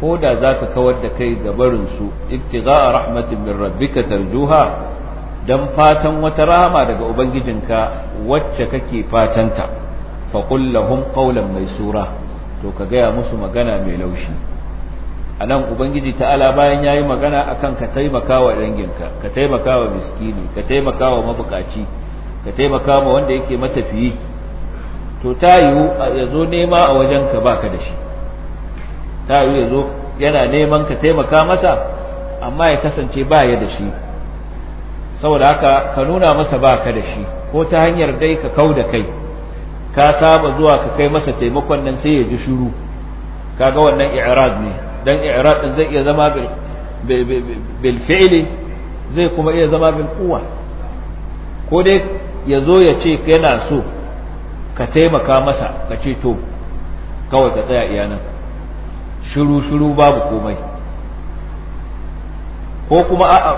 koda zaka kawar da kai ga barin su ibtigha'a rahmatin min rabbika tarjuha dan fatan wata rahama daga ubangijinka wacce kake fatanta fa qul lahum qawlan maysura to ka gaya musu magana mai laushi a nan ubangiji ta'ala bayan ya yi magana akan ka taimaka wa danginka ka taimaka wa miskini ka taimaka wa mabukaci ka taimaka wa wanda yake matafiyi to ta yiwu ya zo nema a wajen ka baka da shi ta yiwu ya yana neman ka taimaka masa amma ya kasance ba ya da shi saboda haka ka nuna masa ba ka da shi ko ta hanyar dai ka kau da kai ka saba zuwa ka kai masa taimakon nan sai ya ji shiru kaga wannan i'rad ne dan i'rad din zai iya zama bil fi'li zai kuma iya zama bil quwa ko dai ya zo ya ce yana so ka taimaka masa ka ce to kawai ka tsaya iya nan shiru shiru babu komai ko kuma a'a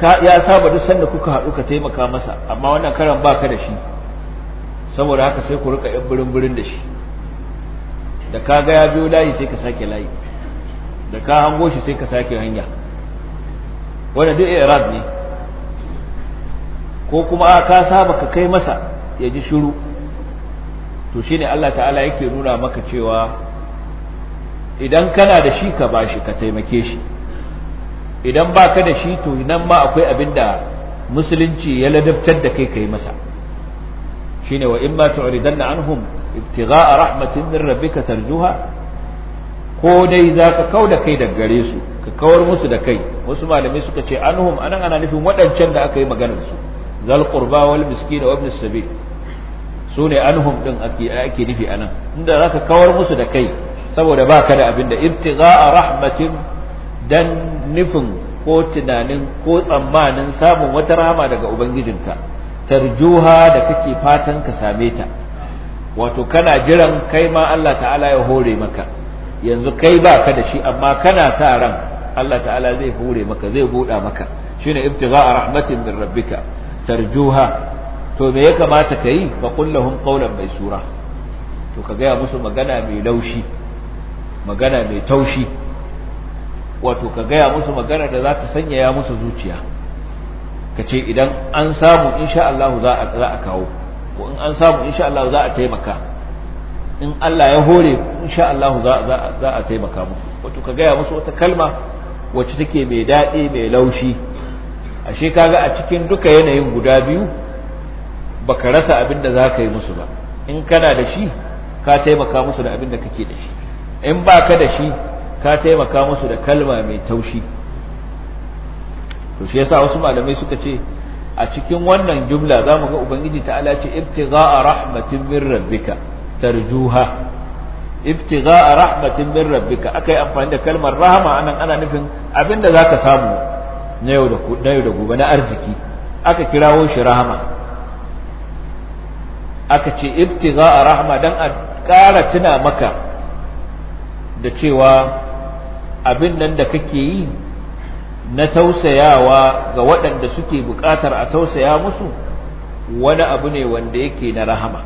ka ya saba duk sanda kuka haɗu ka taimaka masa amma wannan karan baka da shi saboda haka sai ku rika yan birin birin da shi da ka ga ya biyo layi sai ka sake layi da ka hango shi sai ka sake hanya wanda duk irad ne ko kuma ka saba ka kai masa ya ji shiru to shine Allah ta'ala yake nuna maka cewa idan kana da shi ka bashi ka taimake shi idan baka da shi to nan ma akwai abin da musulunci ya ladabtar da kai kai masa shine wa imma tu'ridanna anhum ibtigha'a rahmatin min rabbika tarjuha ko dai zaka da kai daga gare su ka kawar musu da kai wasu malamai suka ce anhum anan ana nufin waɗancan da aka yi maganar su zal qurba wal miskin wa ibn sabil su ne anhum din ake ake nufi anan inda zaka kawar musu da kai saboda baka da abinda ibtigha'a rahmatin dan nufin ko tunanin ko tsammanin samun wata rahama daga ubangijinka tarjuha da kake fatan ka same ta wato kana jiran kai ma Allah ta'ala ya hore maka yanzu kai ba ka da shi amma kana sa ran Allah ta'ala zai hore maka zai buɗa maka shine a rahmatin min rabbika tarjuha to me ya kamata kai fa qul lahum qawlan sura? to ka gaya musu magana mai laushi magana mai taushi wato ka gaya musu magana da za ta sanyaya musu zuciya ka ce idan an samu insha Allah za a kawo ko in an samu insha Allah za a taimaka in Allah ya hore insha Allah za a taimaka muku wato ka gaya musu wata kalma wacce take mai daɗi mai laushi ashe kaga a cikin duka yanayin guda biyu baka rasa abin da za ka yi musu ba in kana da shi ka taimaka musu da abin da kake da shi in ba ka da shi ka taimaka musu da kalma mai taushi to shi yasa wasu malamai suka ce a cikin wannan jumla za mu ga ubangiji ta Ala ce a rahmatin min rabbika tarjuha a rahmatin min rabbika akai amfani da kalmar rahama anan ana nufin abin zaka samu na yau da na yau da gobe na arziki aka kirawo shi rahama aka ce a rahma dan a ƙara tuna maka da cewa abin nan da kake yi na tausayawa ga waɗanda suke buƙatar a tausaya musu wani abu ne wanda yake na rahama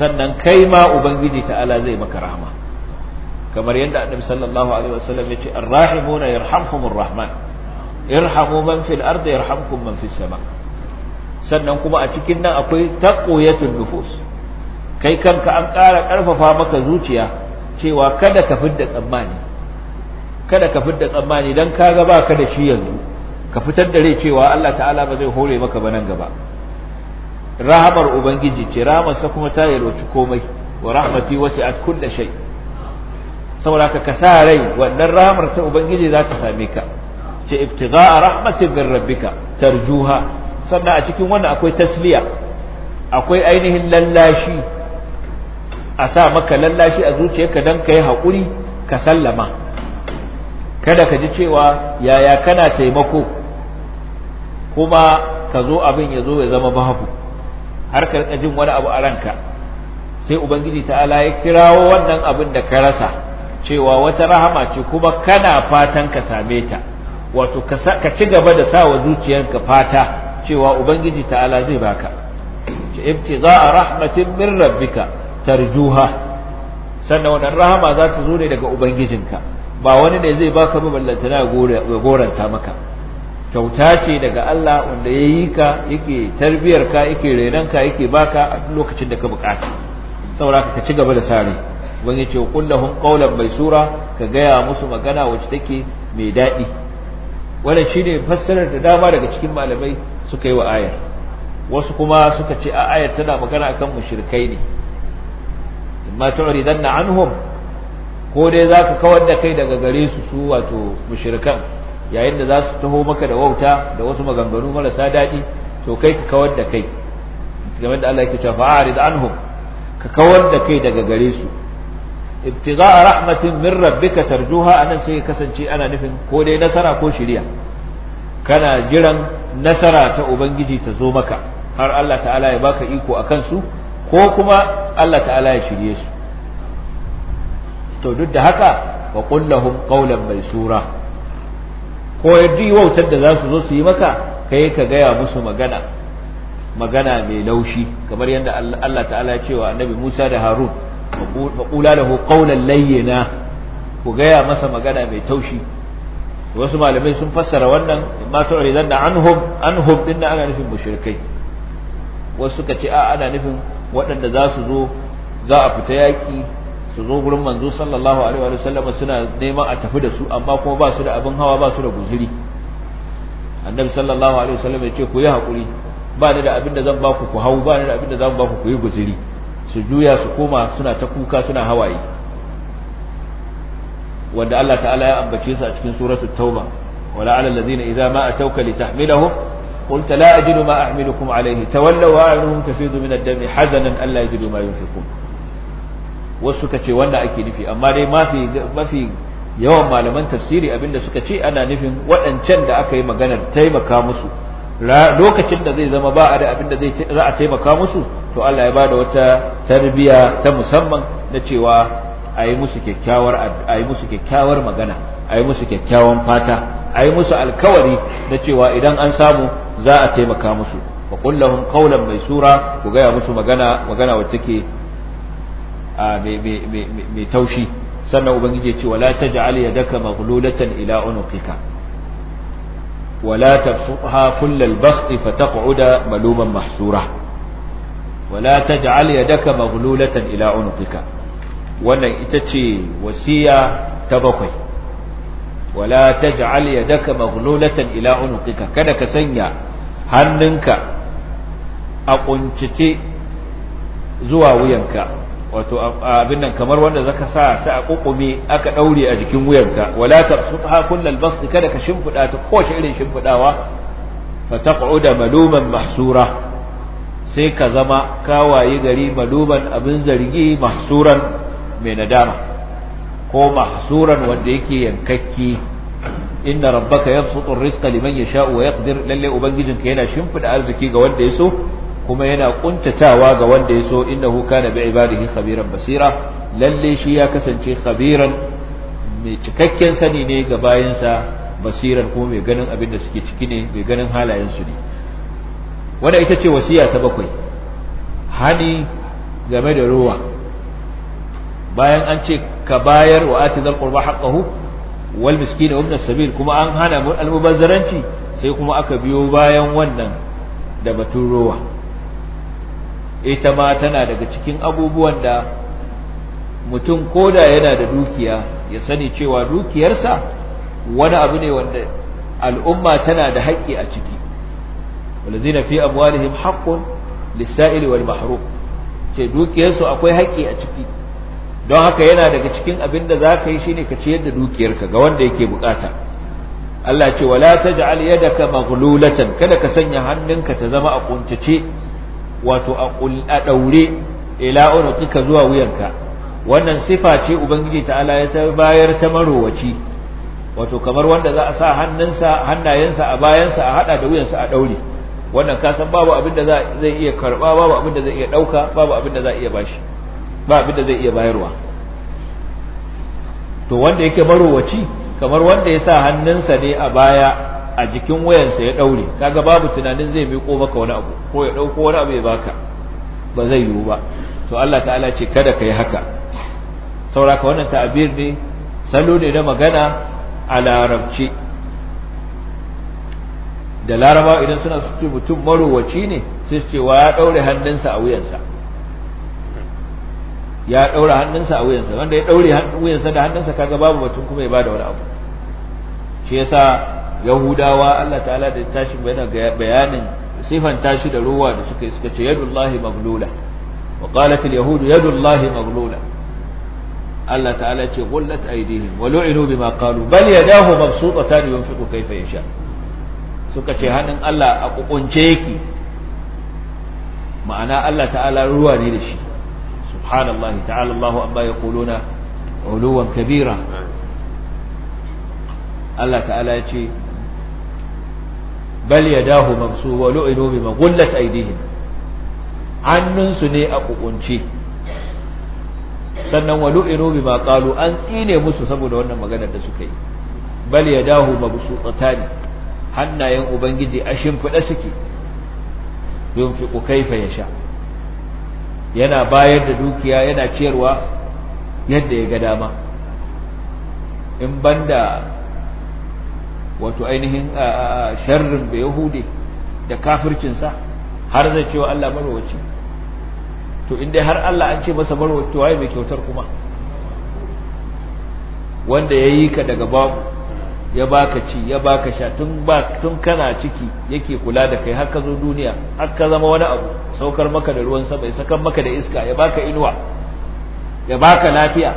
sannan kai ma ubangiji ta'ala zai maka rahama kamar yadda annabi sallallahu alaihi wasallam yace arrahimuna yarhamkumur rahman irhamu man fil ardi yarhamkum man fis sama sannan kuma a cikin nan akwai taqwiyatun nufus kai kanka an ƙara ƙarfafa maka zuciya cewa kada ka fidda tsammani kada ka da tsammani dan kaga baka da shi yanzu ka fitar da rai cewa Allah ta'ala ba zai hore maka ba nan gaba rahamar ubangiji ce rahamarsa kuma ta yalwaci komai wa rahmati wasi'at kulli shay saboda ka kasa rai wannan rahamar ta ubangiji za ta same ka ce ibtigha'a rahmatin min rabbika tarjuha sannan a cikin wannan akwai tasliya akwai ainihin lallashi a sa maka lallashi a zuciyarka dan kai haƙuri ka sallama kada ka ji cewa yaya kana taimako kuma ka zo abin ya zo ya zama babu har ka rika jin wani abu a ranka sai ubangiji ta'ala ya kirawo wannan abin da ka rasa cewa wata rahama ce kuma kana fatan ka same ta wato ka ci gaba da sawa zuciyarka fata cewa ubangiji ta'ala zai baka a rahmatin min rabbika tarjuha sannan wannan rahama za ta zo ne daga ubangijinka ba wani ne zai baka ba ballantana ga goranta maka kyauta ce daga Allah wanda ya yi ka yake tarbiyar ka yake renon ka yake baka a lokacin da ka bukata saboda ka ci gaba da sare wani ya ce kullahum mai sura ka gaya musu magana wacce take mai daɗi wannan shine fassarar da dama daga cikin malamai suka yi wa ayar wasu kuma suka ce a ayar tana magana akan mushrikai ne imma tu'ridanna anhum ko dai za ka kawar da kai daga gare su su wato mushrikan yayin da za su taho maka da wauta da wasu maganganu marasa daɗi to kai ka kawar da kai game da Allah yake cewa fa'arid anhum ka kawar da kai daga gare su a rahmatin min rabbika tarjuha anan sai kasance ana nufin ko dai nasara ko shiriya kana jiran nasara ta ubangiji ta zo maka har Allah ta'ala ya baka iko akan su ko kuma Allah ta'ala ya shirye su to duk da haka wa qul lahum qawlan maysura ko yaddi wautar da za su zo su yi maka kai ka gaya musu magana magana mai laushi kamar yadda Allah ta'ala ya ce wa annabi Musa da Harun fa qula lahu qawlan layyina ku gaya masa magana mai taushi wasu malamai sun fassara wannan ma tu'ridan da anhum anhum din ana nufin mushrikai wasu suka ce a ana nufin waɗanda za su zo za a fita yaƙi su zo gurin manzo sallallahu alaihi wa sallam suna neman a tafi da su amma kuma ba su da abin hawa ba su da guzuri annabi sallallahu alaihi wa sallam ya ce ku yi hakuri ba ni da abin da zan ba ku ku hau ba ni da abin da zan ba ku ku yi guzuri su juya su koma suna ta kuka suna hawaye wanda Allah ta'ala ya ambace su a cikin suratul tauba wala ala allazina idza ma atawka litahmilahum قلت لا أجد ما أحملكم عليه تولوا وأعينهم تفيض من الدم حزنا ألا يجدوا ما ينفقون wasu suka ce wanda ake nufi amma dai mafi mafi yawan malaman tafsiri abinda suka ce ana nufin waɗancan da aka yi maganar taimaka musu lokacin da zai zama ba a da abinda zai za a taimaka musu to Allah ya bada wata tarbiya ta musamman na cewa a yi musu kyakkyawar a yi musu kyakkyawar magana a yi musu kyakkyawan fata a yi musu alkawari na cewa idan an samu za a taimaka musu wa qul lahum qawlan maysura ku ga musu magana magana wacce take mai taushi sannan ubangiji ya ce wala taj'al yadaka maghlulatan ila unuqika wala kullal basti maluman mahsura wala maghlulatan ila unuqika wannan ita ce wasiya ta bakwai wala maghlulatan ila unuqika kada ka sanya hannunka a kuncice zuwa wuyanka wato abin nan kamar wanda zaka sa ta a kukume aka daure a jikin wuyanka wala tabsutha kullal basti kada ka shimfida ta kowace irin shimfidawa fa taq'uda maluman mahsura sai ka zama kawaye gari maluman abin zargi mahsuran mai nadama ko mahsuran wanda yake yankakke inna rabbaka yabsutu ar-rizqa liman yasha'u wa yaqdir lalle ubangijinka yana shimfiɗa arziki ga wanda ya so kuma yana kuntatawa ga wanda ya so huka da bi ibadihi khabiran basira lalle shi ya kasance khabiran mai cikakken sani ne ga bayansa basiran kuma mai ganin abin da suke ciki ne mai ganin halayensu ne wanda ita ce wasiya ta bakwai hani game da ruwa bayan an ce ka bayar wa ati zal qurba haqqahu wal miski wa ibn sabil kuma an hana al mubazzaranci sai kuma aka biyo bayan wannan da batun ruwa ita ma tana daga cikin abubuwan da mutum koda yana da dukiya ya sani cewa dukiyarsa wani abu ne wanda al'umma tana da haƙƙi a ciki walazina fi amwalihim haqqun lis-sa'ili wal mahrum ce dukiyarsu akwai haƙƙi a ciki don haka yana daga cikin abin da zaka yi shine ka ciyar da dukiyarka ga wanda yake bukata Allah ce wala taj'al yadaka maghlulatan kada ka sanya hannunka ta zama a kuntace wato a ɗaure. ila unuqika zuwa wuyanka wannan sifa ce ubangiji ta'ala ya ta bayar ta marowaci wato kamar wanda za a sa hannunsa hannayensa a bayansa a hada da wuyansa a ɗaure wannan ka san babu abin da zai iya karba babu abin da zai iya dauka babu abin da zai iya bashi ba abin da zai iya bayarwa to wanda yake marowaci kamar wanda ya sa hannunsa ne a baya a jikin wayansa ya daure kaga babu tunanin zai miko maka wani abu ko ya dauko wani abu ya baka ba zai yiwu ba to Allah ta'ala ce kada ka yi haka saura ka wannan ta'abir ne salo ne na magana a larabci da laraba idan suna su mutum marowaci ne sai su ce wa ya daure hannunsa a wuyansa ya daure hannunsa a wuyansa wanda ya daure wuyansa da hannunsa kaga babu mutum kuma ya bada wani abu shi yasa yahudawa Allah ta'ala da tashi bayana bayanin sifan tashi da ruwa da suka suka ce yadullahi maglula wa qalat al yahud yadullahi maglula Allah ta'ala ce gullat aydihim wa lu'inu bima qalu bal yadahu mabsutatan yunfiqu kayfa yasha suka ce hannun Allah a kukunce yake ma'ana Allah ta'ala ruwa ne da shi subhanallahi ta'ala Allahu amma yaquluna uluwan kabira Allah ta'ala ya ce bal yadahu wa lu'inu bima gullat aydihim su ne a kukunce sannan wa lu'inu bima qalu an tsine musu saboda wannan magana da suka yi bal yadahu mabsuutani hannayen ubangiji a shimfiɗa suke yunfiqu kaifa yasha yana bayar da dukiya yana ciyarwa yadda ya ga dama in banda wato ainihin sharrin da yahudi da kafircinsa har zai cewa Allah marwaci to inda har Allah an ce masa marwaci waye mai kyautar kuma wanda ya yi ka daga babu ya baka ci ya baka sha tun ba tun kana ciki yake kula da kai har ka zo duniya har ka zama wani abu saukar maka da ruwan sama ya sakar maka da iska ya baka inuwa ya baka lafiya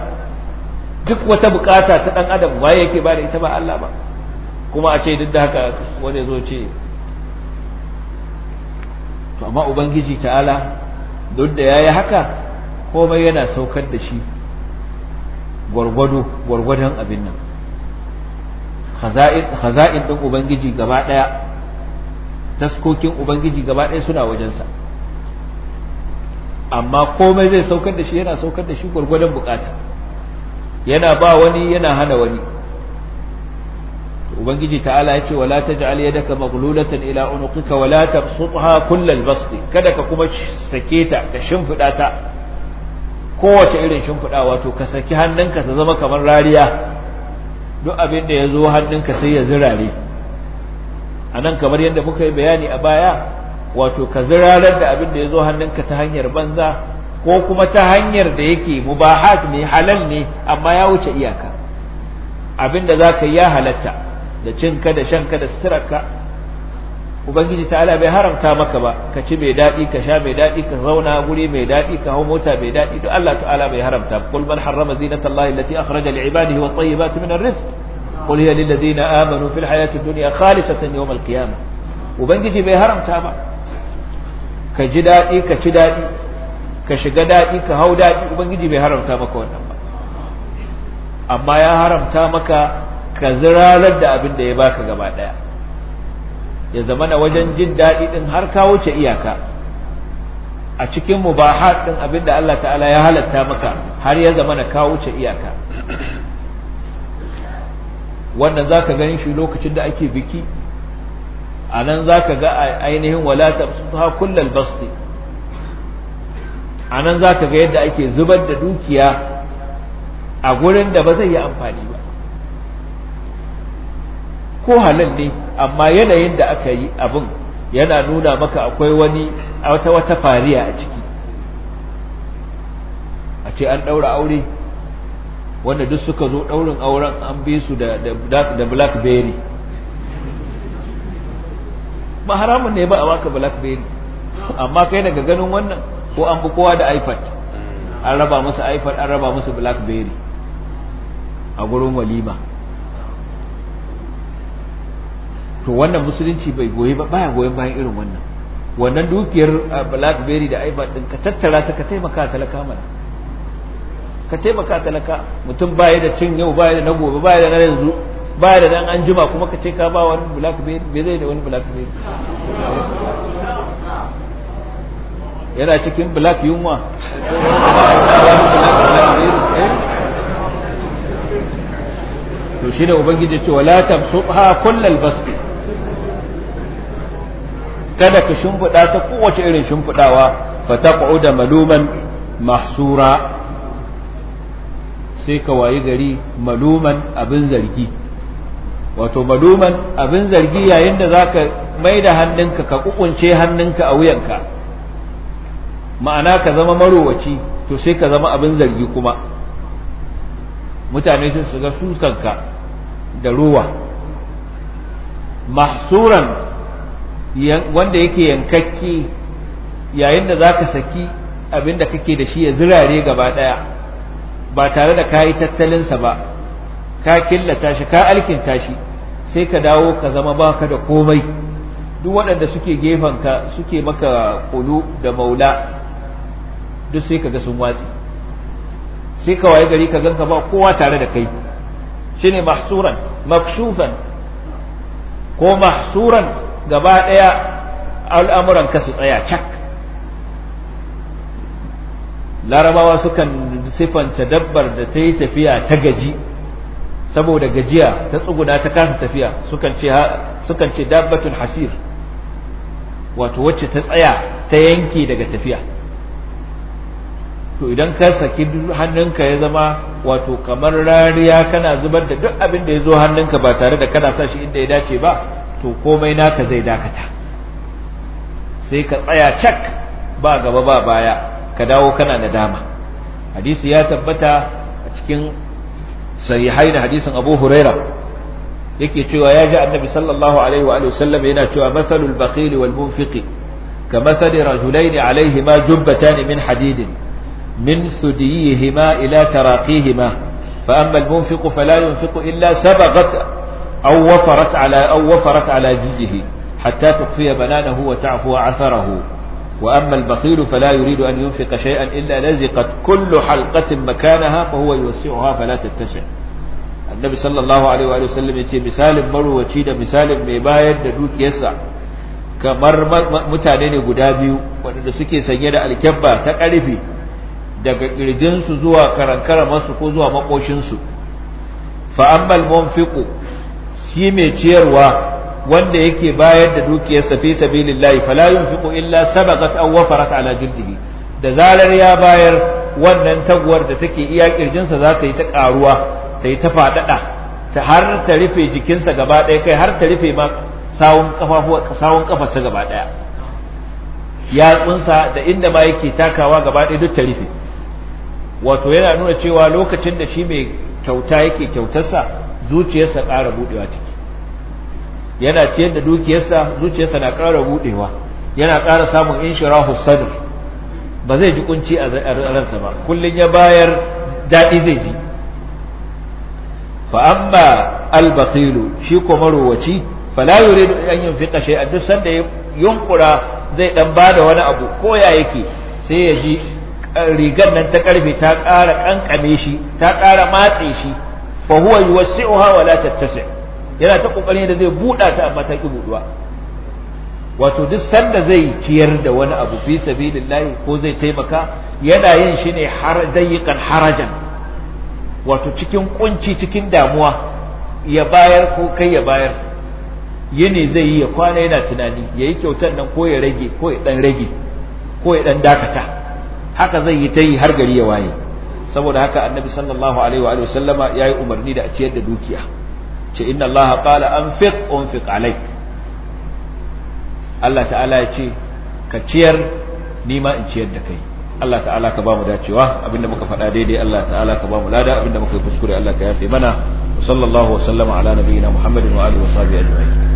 duk wata bukata ta dan adam waye yake ba da ita ba Allah ba kuma a ce duk da haka wanda zo ce to amma ubangiji ta'ala duk da yayi haka komai yana saukar da shi gwargwado gwargwadon abin nan khaza'in khaza'in din ubangiji gaba daya taskokin ubangiji gaba daya suna wajensa amma komai zai saukar da shi yana saukar da shi gwargwadon bukata yana ba wani yana hana wani ubangiji ta'ala ya ce wala taj'al yadaka maghlulatan ila unuqika wala tabsutha kullal basti kada ka kuma sake ta ka shimfida ta kowace irin shimfida wato ka saki hannunka ta zama kamar rariya duk abin da ya zo hannunka sai ya zirare anan kamar yadda muka yi bayani a baya wato ka zirarar da abin da ya zo hannunka ta hanyar banza ko kuma ta hanyar da yake mubahat ne halal ne amma ya wuce iyaka abin da za ka yi ya halatta da cinka da shanka da suturarka ubangiji ta'ala bai haramta maka ba ka ci mai daɗi ka sha mai daɗi ka zauna guri mai daɗi ka hau mota mai daɗi to Allah ta'ala bai haramta qul man harrama zinatallahi allati akhraja li'ibadihi wat tayyibati min ar-rizq qul hiya lil ladina amanu fil hayati ad-dunya khalisatan yawm al-qiyamah ubangiji bai haramta ba ka ji daɗi ka ci daɗi ka shiga daɗi ka hau daɗi ubangiji bai haramta maka wannan ba amma ya haramta maka ka zirarar da abin da ya baka gaba daya ya zama na wajen jin daɗi ɗin har ka wuce iyaka a cikin mubahar ɗin abin da Allah ta'ala ya halatta maka har ya zama na ka wuce iyaka wannan za ka gani shi lokacin da ake biki a nan za ka ga ainihin walata su ha kullal basti a nan za ka ga yadda ake zubar da dukiya a gurin da ba zai yi amfani ba ko halal ne amma yanayin da aka yi abin yana nuna maka akwai wani wata wata fariya a ciki a ce an ɗaura aure wanda duk suka zo ɗaurin auren an bi su da da blackberry ba haramun ne ba a baka blackberry amma kai daga ganin wannan ko an bi kowa da ipad an raba musu ipad an raba musu blackberry a gurin walima to wannan musulunci bai goyi ba baya goyon bayan irin wannan wannan dukiyar uh, blackberry da ipad din ka tattara ta ka taimaka talaka mana ka taimaka talaka mutum baya da cin yau baya da na gobe baya da na yanzu baya da dan an jima kuma ka ce ka ba wani blackberry bai zai da wani blackberry yana cikin black yunwa to shi ne ubangiji cewa la tabsutha kullal basti kada ka shimfiɗa ta kowace irin shimfiɗawa fa da maluman mahsura sai ka wayi gari maluman abin zargi wato maluman abin zargi yayin da zaka mai da hannunka ka ƙuƙunce hannunka a wuyanka ma'ana ka zama marowaci to sai ka zama abin zargi kuma mutane sun shiga sukanka da ruwa mahsuran wanda yake yankakke yayin da za ka saki abin da kake da shi ya zirare gaba ɗaya ba tare da kayi tattalinsa ba ka killata shi ka alkinta shi sai ka dawo ka zama baka da komai duk waɗanda suke ka suke maka kulu da maula duk sai ka ga sun watsi sai ka waye gari ka ganka ba kowa tare da kai shine mahsuran maksufan ko mahsuran gaba ɗaya al'amuran ka su tsaya cak larabawa sukan siffanta dabbar da ta yi tafiya ta gaji saboda gajiya ta tsuguna ta kasa tafiya sukan ce dabbatun hasir wato wacce ta tsaya ta yanke daga tafiya to idan ka saki hannunka ya zama wato kamar rariya kana zubar da duk abin da ya zo hannunka ba tare da kana sa shi inda ya dace ba to komai naka zai dakata sai ka tsaya cak ba gaba ba baya ka dawo kana da dama hadisi ya tabbata a cikin sahihai da hadisin Abu Huraira yake cewa ya ji annabi sallallahu alaihi wa sallam yana cewa masalul bakhil wal munfiqi ka masali rajulaini alaihima jubbatani min hadidin min sudiyihima ila taraqihima fa amma al munfiqu fala yunfiqu illa sabaqat aw wafarat ala aw wafarat ala jijihi hatta tuqfiya bananahu wa ta'fu atharahu wa amma al-bakhil fala yuridu an yunfiqa shay'an illa laziqat kullu halqatin makanaha fa huwa yusi'uha fala tattasi' annabi sallallahu alaihi wa sallam yace misalin marwaci da misalin mai bayar da dukiyarsa kamar mutane ne guda biyu waɗanda suke sanye da alkyabba ta ƙarfi daga ƙirjinsu zuwa karankara masu ko zuwa maƙoshinsu fa'ammal munfiqu shi mai ciyarwa wanda yake bayar da dukiyarsa fi sabilillahi fala yunfiqu illa sabaqat aw wafarat ala jiddihi da zarar ya bayar wannan taguwar da take iya kirjinsa za ta yi ta karuwa ta yi ta fadada ta har ta rufe jikinsa gaba ɗaya kai har ta rufe ma sawun kafafuwa sawun kafarsa gaba ɗaya yatsunsa da inda ma yake takawa gaba ɗaya duk ta rufe wato yana nuna cewa lokacin da shi mai kyauta yake kyautarsa zuciyarsa ƙara buɗewa ciki yana ciyar da dukiyarsa zuciyarsa na ƙara buɗewa yana ƙara samun inshirahu sadr ba zai ji kunci a ransa ba kullum ya bayar daɗi zai ji fa amma al shi ko marowaci fala yuridu an yunfiqa shay'an duk sanda ya yunkura zai dan bada wani abu ko ya yake sai ya ji rigar nan ta karfe ta ƙara ƙanƙame shi ta ƙara matse shi fa huwa yuwassi'uha wa la tattasi yana ta kokarin da zai buɗa ta amma ta ki buɗuwa wato duk sanda zai ciyar da wani abu fi sabilillahi ko zai taimaka yana yin shi ne har dayiqan harajan wato cikin kunci cikin damuwa ya bayar ko kai ya bayar yini zai yi ya kwana yana tunani ya yi kyautar nan ko ya rage ko ya dan rage ko ya dan dakata haka zai yi ta yi har gari ya waye saboda haka annabi sallallahu alaihi wa sallama yayi umarni da a ciyar da dukiya ce inna allaha qala anfiq unfiq alaik Allah ta'ala ya ce ka ciyar ni ma in ciyar da kai Allah ta'ala ka bamu dacewa abinda muka faɗa daidai Allah ta'ala ka bamu lada abinda muka yi kuskure Allah ka yafe mana sallallahu wa sallama ala nabiyyina Muhammadin wa alihi wa sahbihi ajma'in